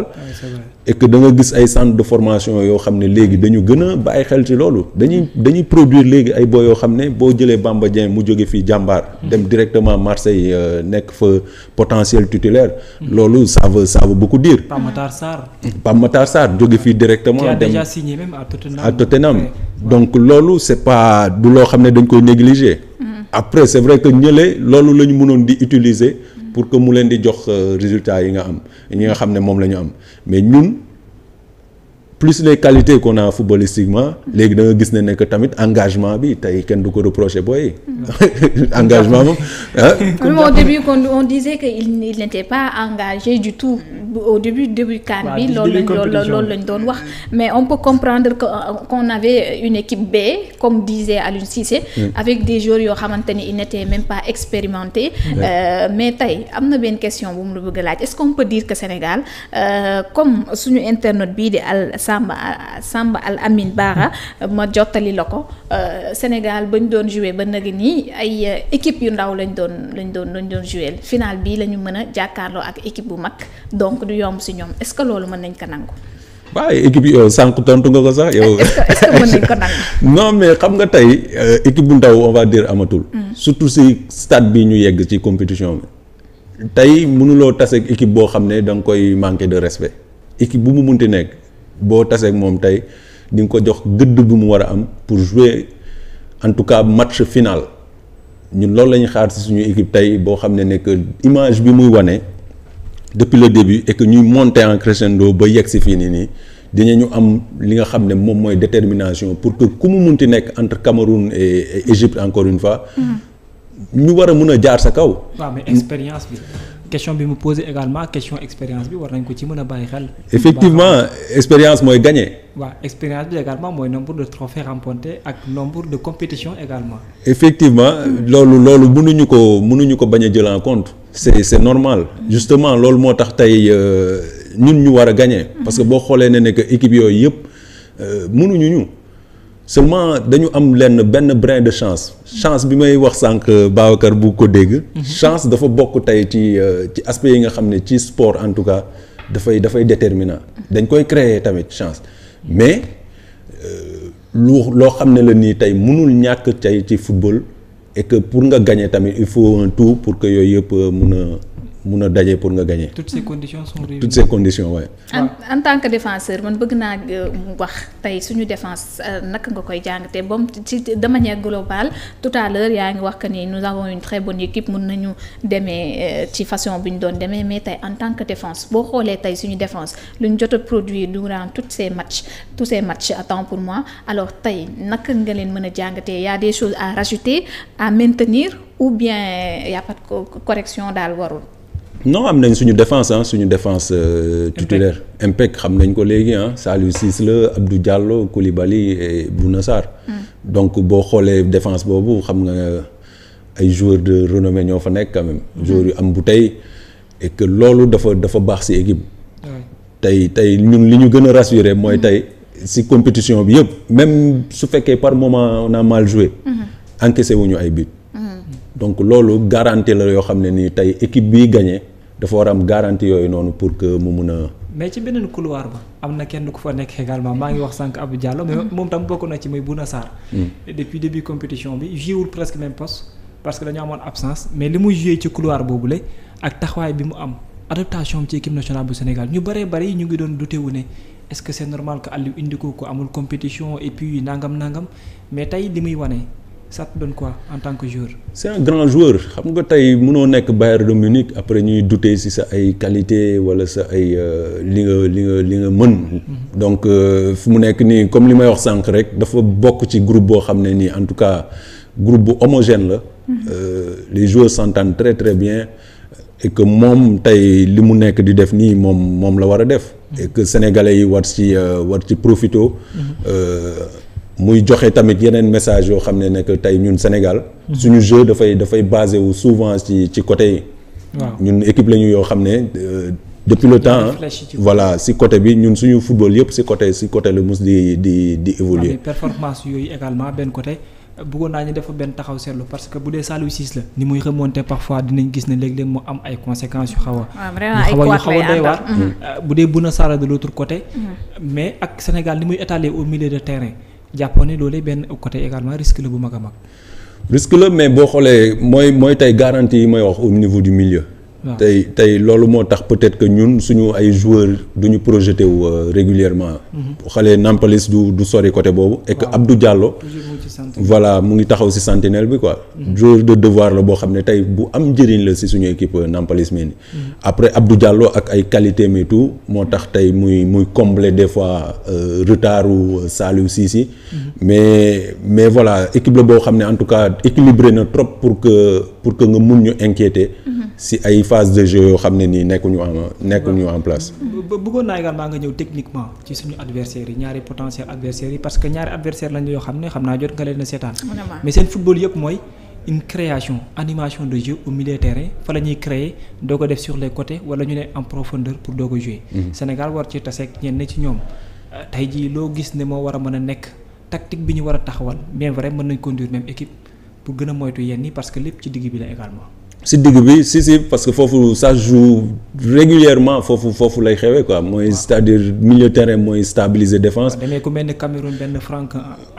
Speaker 3: e que da nga gis ay centre de formation yoo xam ne léegi dañu gën a bàyyi xel ci loolu dañuy dañuy léegi ay boo yoo xam ne boo jëlee Bamba Dieng mu jóge fii jàmbaar dem directement Marseille euh, nekk fa potentiel tutélaire loolu ça veut bu veut diir dire Pape Matar Sarr jóge fii directement dem déjà
Speaker 4: signé même à Tottenham, à Tottenham.
Speaker 3: Ouais. donc loolu c'est pas du loo xam ne dañ koy négliger mm-hmm. après c'est vrai que ñële loolu la ñu mënoon di utiliser pour que mu leen di jox euh, résultat yi nga am ñi nga xam ne moom la ñu am mais ñun plus les qualités qu'on a footballistiquement léegi da nga gis ne nekk tamit engagement bi tey kenn du ko reproché booy. engagement moom ah. au début
Speaker 1: on disait que il n'était pas engagé du tout au début début CAN bi. loolu lañ doon wax mais on peut comprendre que euh, qu'on avait une équipe B comme disait Aliou Cissé. Mm. avec des joueurs yoo xamante ni ils n'étaient même pas expérimentés. Mm. Euh, mais tey am na benn question bu mu la bëgg a laaj est-ce qu'on peut dire que Sénégal euh, comme di al. Samba Samba Al Amin Bara ma jottali la ko euh, Sénégal bañ doon jouer ba nag nii ay euh, équipe yu ndaw lañ doon lañ doon lañ doon jouer final bii la ñu mën a jàkkaarloo ak équipe bu mag donc du yomb si ñoom est-ce que loolu mën nañ ko nangu.
Speaker 3: waaw équipe yi euh, sànq tontu nga ko sax yow. est-ce bu ndaw on va dire amatul. Mm. surtout si stade bi ñu yegg ci compétition bi. tey mënuloo tase ak équipe boo xam ne da nga koy manquer de respect équipe bu mu munti nekk boo taseeg moom tey di nga ko jox gëdd bi mu war a am pour jouer en tout cas match final ñun loolu la ñu xaar suñu équipe tey boo xam ne ne que image bi muy wane depuis le début et que ñuy monter en crescendo ba yegg si fii nii nii dinañu am li nga xam ne moom mooy détermination pour que ku mu munti nekk entre Cameroun et Égypte encore une fois. Mm-hmm. ñu war a mun a jaar sa kaw. bi.
Speaker 2: question bi mu posé également question expérience bi war nañ ko ci mën a bàyyi xel. effectivement
Speaker 3: expérience mooy gagné.
Speaker 2: waaw expérience bi également mooy nombre de trophées remportés ak nombre de compétitions également.
Speaker 3: effectivement loolu loolu mënuñu ko mënuñu ko bañ a jël en compte. c'est normal. justement loolu moo tax tey euh, ñun ñu war a gagné. parce que boo xoolee ne ne que équipe yooyu yëpp euh, mënuñu ñu. seulement dañu am lenn benn brin de chance chance bi may wax sànq Babacar bu ko dégg. Mhm. chance dafa bokk tey ci euh, ci aspect yi nga xam ne ci sport en tout cas dafay dafay déterminant dañ koy créer tamit chance mais euh, lu loo xam ne la nii tey mënul ñàkk tey ci football et pour nga gagner tamit il faut un tout pour que yooyu yëpp euh, mun a. mun a daje pour nga gagner. toutes ces conditions sont réunies. waaye.
Speaker 1: En, tant que défenseur man bëgg naa euh, wax tey suñu défense euh, naka nga koy jàngatee ba ci de manière globale tout à l'heure yaa ngi wax que ni nous avons une très bonne équipe mun nañu demee euh, ci façon bu ñu doon demee mais tey en tant que défense boo xoolee tey suñu défense lu ñu jot a produire durant toutes ces matchs tous ces matchs à temps pour moi alors tey naka nga leen mën a jàngatee y a des choses à rajouter à maintenir ou bien y a pas de daal warul.
Speaker 3: non am nañ suñu défense ah suñu défense euh, titulaire impec xam nañ ko léegi ah Saliou Ciss la Abdou Diallo Koulibaly et Bouna hmm. donc boo xoolee défense boobu xam nga ay joueurs de renommée ñoo fa nekk quand même hmm. yu am bu tey et que loolu dafa dafa baax ci équipe tey tey ñun li ñu gën a rassuré mooy hmm. tey si compétition bi yëpp même su fekkee par moment on a mal joué encaissé wuñu ay but donc loolu garantie la yoo xam ne nii tey équipe bi gagné dafa war am garantie yooyu noonu pour que mu mun a.
Speaker 2: mais ci beneen couloir ba am na kenn ku fa nekk également maa ngi wax sànq Abdou Diallo mais mm-hmm. moom tam bokk na ci muy Bouna Sarr. Mm. depuis début compétition bi joué presque même poste parce que dañu amoon absence mais li muy joué ci couloir boobule ak taxawaay bi mu am adaptation ci équipe nationale bu Sénégal ñu bëree bëri ñu ngi doon douté wu ne est-ce que c'est normal que Aliou indi ko ko amul compétition et puis nangam nangam mais tey li muy wane. ça te quoi en tant que joueur.
Speaker 3: c'est un grand joueur xam nga tey mënoo nekk Bayern de Munich après ñuy douter ci sa ay qualité wala sa ay euh, li nga li nga li nga mën. Mhm. donc euh, fu mu nekk nii comme li may wax sànq rek dafa bokk ci groupe boo xam ne nii en tout cas groupe bu homogène la. Mhm. Euh, les joueurs s'entendent très très bien. et que moom tey li mu nekk di def nii moom moom la war a def. Mhm. et que sénégalais yi wat ci euh, war ci profito. muy joxe tamit yeneen message yoo xam ne nekk tey ñun Sénégal. suñu jeu dafay dafay basé wu souvent ci ci côté yi. ñun équipe lañu yoo xam ne euh, depuis le temps. voilà si côté bi ñun suñu football yëpp si côté si côté la mus di di di évoluer.
Speaker 2: performance yooyu également benn côté. bëggoon naa ñu dafa benn taxaw seetlu parce que bu dee Saliou Ciss la ni muy remonté parfois dinañ gis ne léeg-léeg mu am ay conséquences yu xaw a yu xaw a doy mm-hmm. euh, bu dee Bouna Sarr de l'autre côté mm-hmm. mais ak Sénégal ni muy étalé au milieu de terrain jàppoon ne loolee benn côté également risque la bu mag a mag.
Speaker 3: risque la mais boo xoolee mooy mooy tey garantie yi may wax au niveau du milieu. tey tey loolu moo tax peut-être que ñun suñu ay joueurs du ñu projeté wu euh, régulièrement. bu mhm. xoolee Nampalys du sori côté boobu. et que Abdou Diallo. voilà mu ngi taxaw si sentinelle bi quoi. Mm-hmm. jour de devoir la boo xam ne tey bu am njëriñ la si suñu équipe euh, Nampalys Mendy mm-hmm. après Abdou Diallo ak ay qualité mais tout moo tax tey muy muy combler des fois euh, retardu euh, Saliou Ciss mm-hmm. mais mais voilà équipe la boo xam ne en tout cas équilibré na trop pour que pour que nga mun ñu inquiéter. si ay phase de jeu yoo xam ne nii nekkuñu en nekkuñu en place.
Speaker 2: bëggoon naa également nga ñëw techniquement ci suñu adversaires yi ñaari potentiels nga leen a seetaan. mais seen football yëpp mooy une animation de jeu au milieu terrain fa la ñuy créer doo ko def sur les côtés wala ñu ne en profondeur pour doo ko jouer. Mhm. Sénégal war ci taseeg ñenn ci ñoom tey jii loo gis ne moo war a mën a nekk tactique bi ñu war a taxawal bien vrai mën nañ conduire même équipe pour gën a moytu yenn yi parce que lépp ci digg bi la également.
Speaker 3: si digg bi si si parce que foofu ça joue régulièrement foofu foofu lay xewee quoi mooy c'est-à-dire milieu terrain mooy stabiliser défense.
Speaker 2: waaw ku mel ne Cameroun benn Franck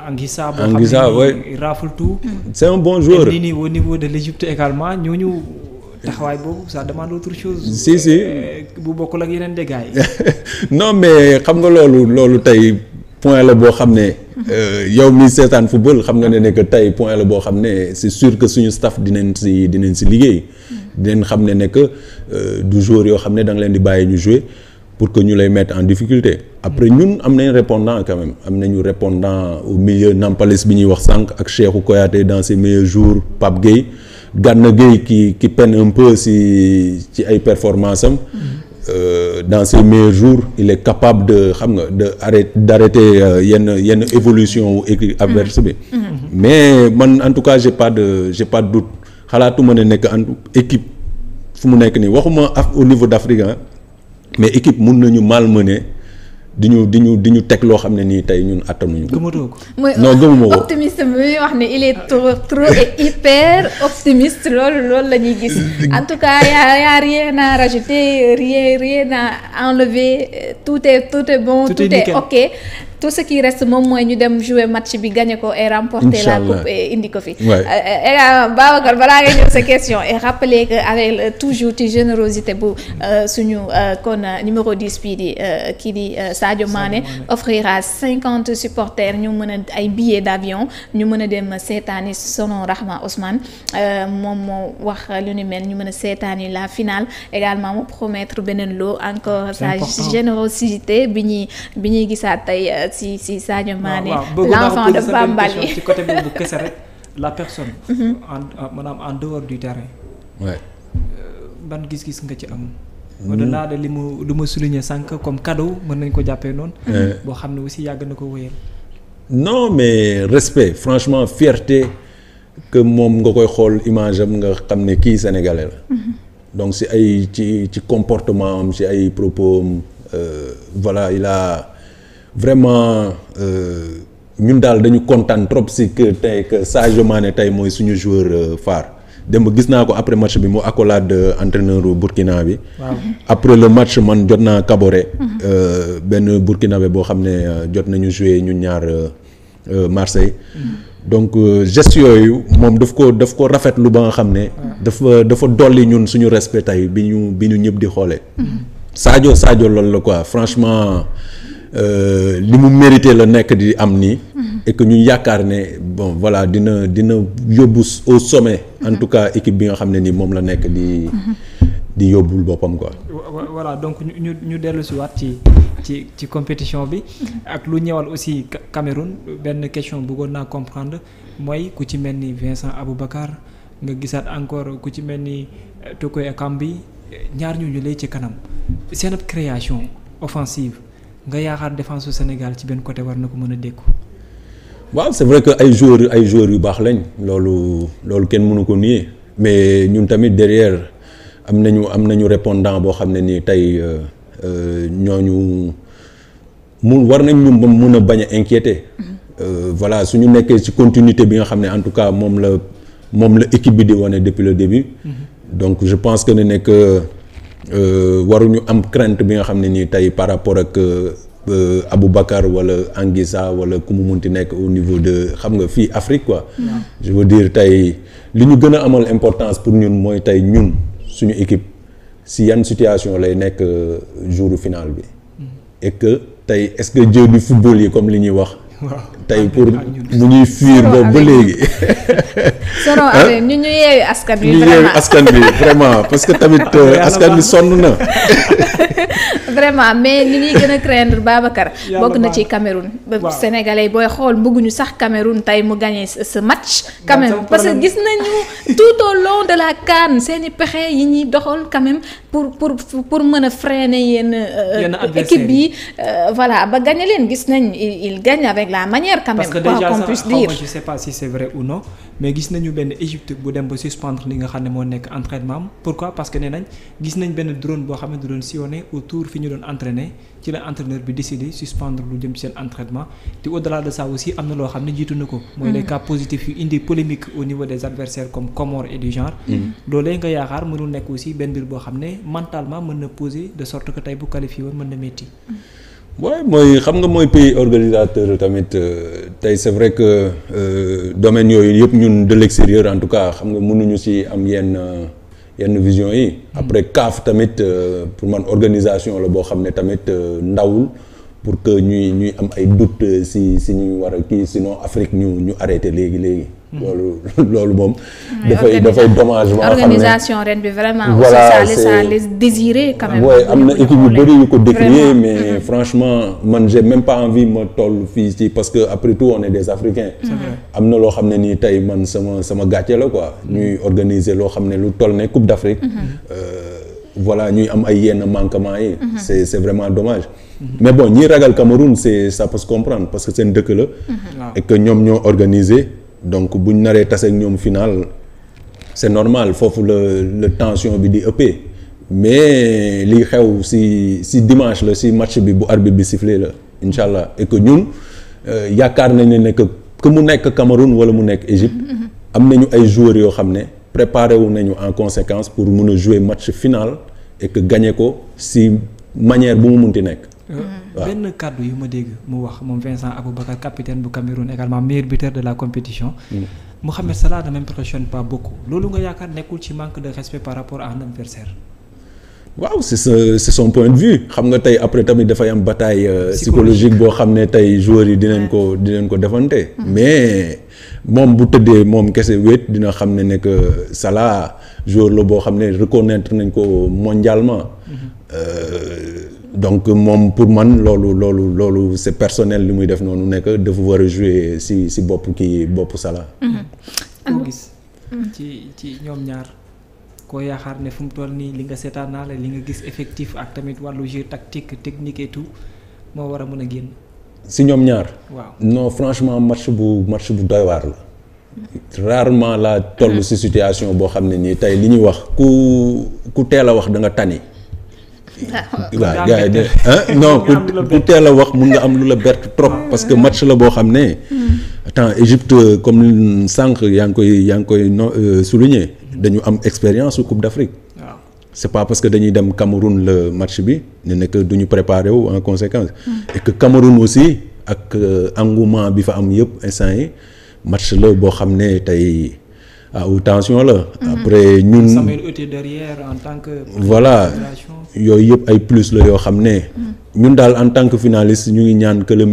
Speaker 2: Anguissa. Anguissa oui rafle tout. Mm.
Speaker 3: c'est un bon joueur ni
Speaker 2: au niveau de l'Égypte également ñu taxawaay boobu ça demande autre chose. si
Speaker 3: si euh,
Speaker 2: bu bokkul ak yeneen dégâts
Speaker 3: no mais xam nga loolu loolu tey. point la boo xam ne euh, yow mi seetaan football xam nga ne ne que tey point la boo xam ne c'est sûr que suñu staff dinañ si dinañ si liggéey dinañ xam ne ne que euh, du joueur yoo xam ne da nga leen di bàyyi ñu jouer pour que ñu lay mettre en difficulté après ñun am nañ répondant quand même am nañu répondant au milieu bi ñuy wax sànq ak Cheikhou Kouyaté dans ses meilleurs jours Pape Gueye gànn Gueye qui qui peine peu si ci ay performance am euh, dans ses meilleurs jours il est capable de xam nga de arrêter d'arrêter yenn euh, yenn évolution écrit mm-hmm. adverse bi mmh. mais man en tout cas j'ai pas de j'ai pas de doute xalaatuma ne nekk en équipe fu mu nekk nii waxuma au niveau d'Afrique mais équipe mun nañu malmener di ñu di ñu di ñu teg loo xam ne nii tey ñun attanuñu ko. gëmatoo ko
Speaker 1: non gëmuma ko optimiste bi muy wax ne il est trop trop et hyper optimiste loolu loolu la ñuy gis en tout cas y' y' a rien à rajouter rien enlever tout est bon. tout, ok. tout ce qui reste moom mooy ñu dem jouer match bi gagné ko et remporter la coupe et indi ko fi. Euh, euh, Babacar balaa ngay ñëw sa question et rappeler que avec euh, toujours ci générosité bu suñu kon numéro dis bii di kii di Sadio maane offrira cinquante supporters ñu mën a ay billets d'avion ñu mën a dem seetaani sonon Rahma Ousmane moom moo wax lu ni mel ñu mën a seetaani la finale également mu promettre beneen lot encore sa générosité bi ñuy gisaat tey si si Sadio Mané. l'enfant de
Speaker 2: kese rek la personne. Mhm. en maanaam en dehors du terrain. waay euh, ban gis-gis nga ci am. au-delà de li mu lu ma souligner sànq comme cadeau mën nañ ko jàppee noonu. boo xam ne aussi yàgg na ko wéyal.
Speaker 3: non mais respect franchement fierté que moom nga koy xool image am nga xam ne kii sénégalais la. Mhm. donc si ay ci comportement am si ay propos am euh, voilà il vraiment euh, ñun daal dañu kontaan trop si que tey que Sadio Mané tey mooy suñu joueur euh, phare démb gis naa ko après match bi mu accolade entraîneur Burkina bi. waaw après le match man jot naa Kaboré. Euh, benn Burkinabé boo xam ne jot nañu jouer ñun ñaar Marseille. donc geste yu moom daf ko daf ko rafetlu ba nga xam ne. dafa dafa dolli ñun suñu respect tey bi ñu bi ñu ñëpp di xoolee. Mm-hmm. Sadio Sadio loolu la quoi franchement. Euh, li mu mérité la nekk di am nii. Mhm. et que ñu yaakaar ne bon voilà dina dina yóbbu au sommet. en mhm. tout cas équipe bi nga xam ne nii moom la nekk di. Mhm. di yóbbul boppam quoi.
Speaker 2: voilà donc ñu ñu dellu si waat ci ci ci compétition bi ak lu ñëwal aussi Cameroun benn question bëggoon naa comprendre mooy ku ci mel ni Vincent Aboubacar nga gisaat encore ku ci mel ni euh, Tokoy Ekambi ñaar ñooñu lay ci kanam seen création offensive. nga yaakaar défense su Sénégal ci benn côté war na ko mën a dékku.
Speaker 3: waaw c'est vrai que ay joueurs ay joueurs yu baax lañ loolu loolu kenn mënu ko nii mais ñun tamit derrière am nañu am na ñu répondant boo xam ne nii tey euh, euh, ñooñu mun war nañ ñu mun a bañ a inquiéter. Mm-hmm. Euh, voilà su ñu nekkee ci continuité bi nga xam ne en tout cas moom la moom la équipe bi di wane depuis le début. Mm-hmm. donc je pense que ne nekk. Euh, waruñu am crainte bi nga xam ne nii tey par rapport ak abu euh, Aboubacar wala Anguissa wala ku mu munti nekk au niveau de xam nga fii Afrique quoi. je veux dire tey li ñu gën a amal importance pour ñun mooy tey ñun suñu équipe si yan situation lay nekk euh, jour finale bi. Mm-hmm. et tey est-ce que jeu du football yi comme li ñuy wax. tey ah, pour bu ah, ñuy fuir boobu ba léegi. seront avec ah.
Speaker 1: ñu ñu yeewi askan bi ñu yeewi askan bi vraiment
Speaker 3: parce que tamit askan bi sonn na.
Speaker 1: vraiment mais ñu ñuy gën craindre Babacar. bokk na ci Cameroun. ba Sénégalais booy xool bëgguñu sax Cameroun tey mu gagné ce match. quand parce que gis nañu tout au de la CAN seeni pexe yi ñuy doxal quand pour pour pour mën a freiner yenn. Euh, équipe bi euh, voilà ba gagné leen gis nañ il gagne avec la manière. quand même quoi qu'on puisse
Speaker 2: nañu benn Égypte bu dem ba suspendre li nga xam ne moo nekk entraînement pourquoi parce que nee nañ gis nañ benn drone boo xam ne du doon sillonné autour fi ñu doon entraîné ci la entraîneur bi décidé suspendre lu jëm ci seen entraînement te au delà de ça aussi am na loo xam ne jiitu na ko. mooy les mm. cas positifs yu indi polémique au niveau des adversaires comme Comores et du genre. Mm. loolee nga yaakaar mënul nekk aussi benn mbir boo xam ne mentalement mën
Speaker 3: waaw mooy xam nga mooy pays organisateur tamit euh, tey c'est vrai que euh, domaine yooyu yëpp ñun de l'extérieur en tout cas xam nga mënuñu ci am yenn euh, yenn vision yi. Hmm. après CAF tamit pour man organisation la boo xam ne tamit ndawul pour que ñuy ñuy am ay doute si ci ñuy war a kii sinon Afrique ñu ñu arrêté léegi léegi. Mm-hmm. loolu loolu moom. Mm-hmm. dafay dafay dommage. ba nga
Speaker 1: xam ne voilà aussi désirer quand am na équipe yu bëri yu ko décrier
Speaker 3: mais mm-hmm. franchement man j'ai même pas envie ma toll fii si parce que après tout on est des Africains. am na loo xam ne nii tey man sama sama gàcce la quoi ñuy organiser loo xam ne lu toll ne Coupe d'Afrique.
Speaker 4: Euh,
Speaker 3: voilà ñuy am ay yenn manquement yi. c'est c'est vraiment dommage. mais bon ñiy ragal Cameroun c'est ça peut se comprendre parce que seen dëkk la. et ñoom ñoo organiser. donc buñ naree tase ak ñoom final c'est normal foofu la la tension bi di ëppee mais li xew si si dimanche la si match bi bu arbitre bi sifflé la incha allah et que ñun euh, yaakaar nañ ne ne que que mu nekk Cameroun wala mu nekk Égypte mm-hmm. am nañu ay joueurs yoo xam ne préparé wu nañu en conséquence pour mun a jouer match final et que gagner ko si manière bu mu munti nekk.
Speaker 2: Euh, mm-hmm. benn kàddu yu ma dégg mu wax moom Vincent Aboubakar capitaine bu Cameroun également meilleur buteur de la compétition. Mm-hmm. Mohamed Salah ne m'impressionne pas beaucoup loolu nga yaakaar nekkul ci manque de respect par rapport à un adversaire
Speaker 3: waaw c'est ce c'est son point de vue xam nga tey après tamit dafay am bataille euh, psychologique boo xam ne tey joueurs yi dinañ ko dinañ ko defante mm-hmm. mais moom bu tëddee moom kese wéet dina xam ne ne que Salah la boo xam ne reconnaître nañ ko mondialement. Euh, donc moom pour man loolu loolu loolu c'est personnel li muy def noonu nekk dafa war a jouer si si bopp kii bopp salaa
Speaker 4: mm-hmm. koo
Speaker 2: gis ci ci ñoom ñaar koo yaakaar ne fu mu toll nii li nga seetaan naa seetaanaale li nga gis effectif ak tamit wàllu jeu tactique technique et tout moo war a mën a génn.
Speaker 3: si ñoom ñaar. waaw non franchement match bu match bu doy waar la. rarement la toll mm-hmm. si situation boo xam ne nii tey li ñuy wax ku ku teel a wax danga tani.
Speaker 4: waaw gars yi
Speaker 3: ah non ku teel a wax mun nga am lu la bert trop ah. parce que match la boo xam ne hmm. temps Égypte euh, comme sànq yaa ngi koy yaa ngi koy no euh, souligner dañu am expérience su Coupe d'Afrique c'est pas parce que dañuy dem Cameroun le match bi ne nekk du ñu préparé wu en conséquence hmm. et que Cameroun aussi ak euh, engouement bi fa am yëpp instant yi match la boo xam ne tey ah tension la hmm. après ñun. que. voilà yooyu yëpp ay plus la yoo xam ne. ñun daal en tant que finaliste ñu ngi ñaan que le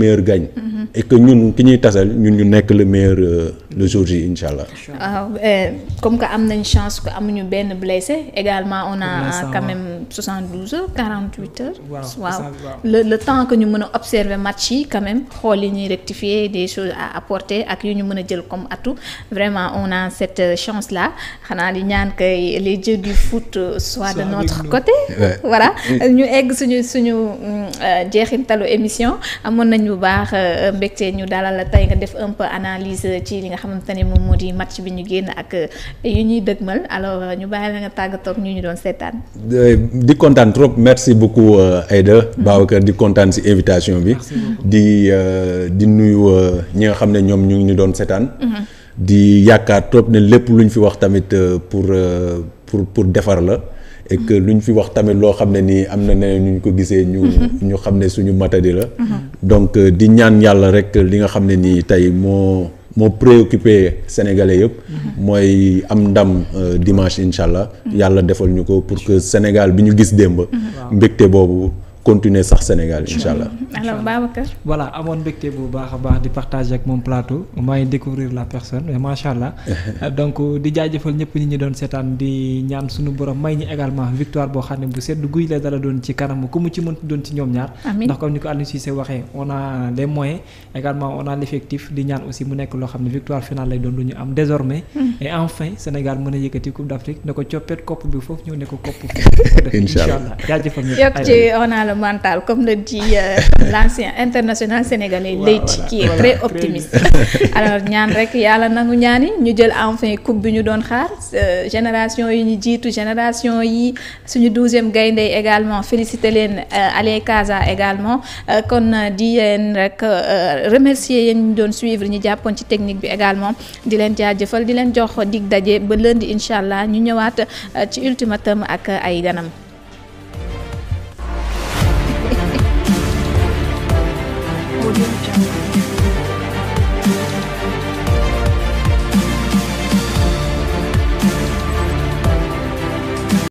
Speaker 3: et que ñun ki ñuy tasal ñun ñu nekk le meilleur euh, le jour J incha allah.
Speaker 1: waaw ah, eh, comme que am nañ chance que amuñu benn blessé également on a quand même 72 heures 48 heures. waaw le temps que ñu mën a observer match yi quand même xool yi ñuy rectifier des choses à apporter ak yu ñu mën a jël comme atout vraiment on a cette chance la xanaa di ñaan kay les dieux du foot euh, soient de notre côté. voilà ñu egg suñu suñu euh, jeexintalu émission amoon nañu bu baax. mbégte ñu dalal tey nga def un peu analyse ci li nga xamante ne moom moo di match bi ñu génn ak yu ñuy dëgmal alors ñu bàyyi la nga tàggatoog ñu ñu doon seetaan.
Speaker 3: Euh, di kontaan trop merci beaucoup euh, Aïda. Mm-hmm. Babacar di kontaan si invitation bi. di euh, di nuyu ñi nga xam ne ñoom ñu ngi ñu doon seetaan. Mm-hmm. di yaakaar trop ne lépp lu ñu fi wax tamit pour pour pour defar la. et lu ñu fi wax tamit loo xam ne nii am na ne ñu ko gisee ñu mhm. ñu xam ne suñu matadi la mhm. donc euh, di ñaan yàlla rek li nga xam ne nii tey moo moo préoccupé sénégalais yëpp mhm. mooy am ndam euh, dimanche incha allah yàlla defal ñu ko pour que Sénégal bi ñu gis démb mbégte boobu continuer sax Sénégal incha allah.
Speaker 1: alors Babacar. voilà
Speaker 2: amoon mbégte bu baax a baax di partager ak moom plateau maa ngi découvrir la personne mais macha allah donc di jaajëfal ñëpp ñi ñu doon seetaan di ñaan suñu borom may ñi également victoire boo xam ne bu sedd guy la dala doon ci kanam ku mu ci mënti doon ci ñoom ñaar. ndax comme ni ko Aliou Cissé waxee on a les moyens également on a l'effectif di ñaan aussi mu nekk loo xam ne victoire finale lay doon lu ñu am désormais hmm. et enfin Sénégal mën a yëkkati coupe d'Afrique ne ko coppet bi foofu ñëw ne ko kopp
Speaker 1: le mental comme le dit euh, l'ancien international sénégalais Leyti voilà, qui est voilà, très optimiste alors ñaan rek yàlla nangu ñaan yi ñu jël enfin coupe bi ñu doon xaar euh, génération yi ñu jiitu génération yi suñu douzième gaynde également félicité leen euh, Allez Casa également euh, kon di leen rek remercier yéen ñu doon suivre ñu jàppoon ci technique bi également di leen jaajëfal di leen jox dig daje ba lundi incha allah ñu ñëwaat ci ultimatum ak ay ganam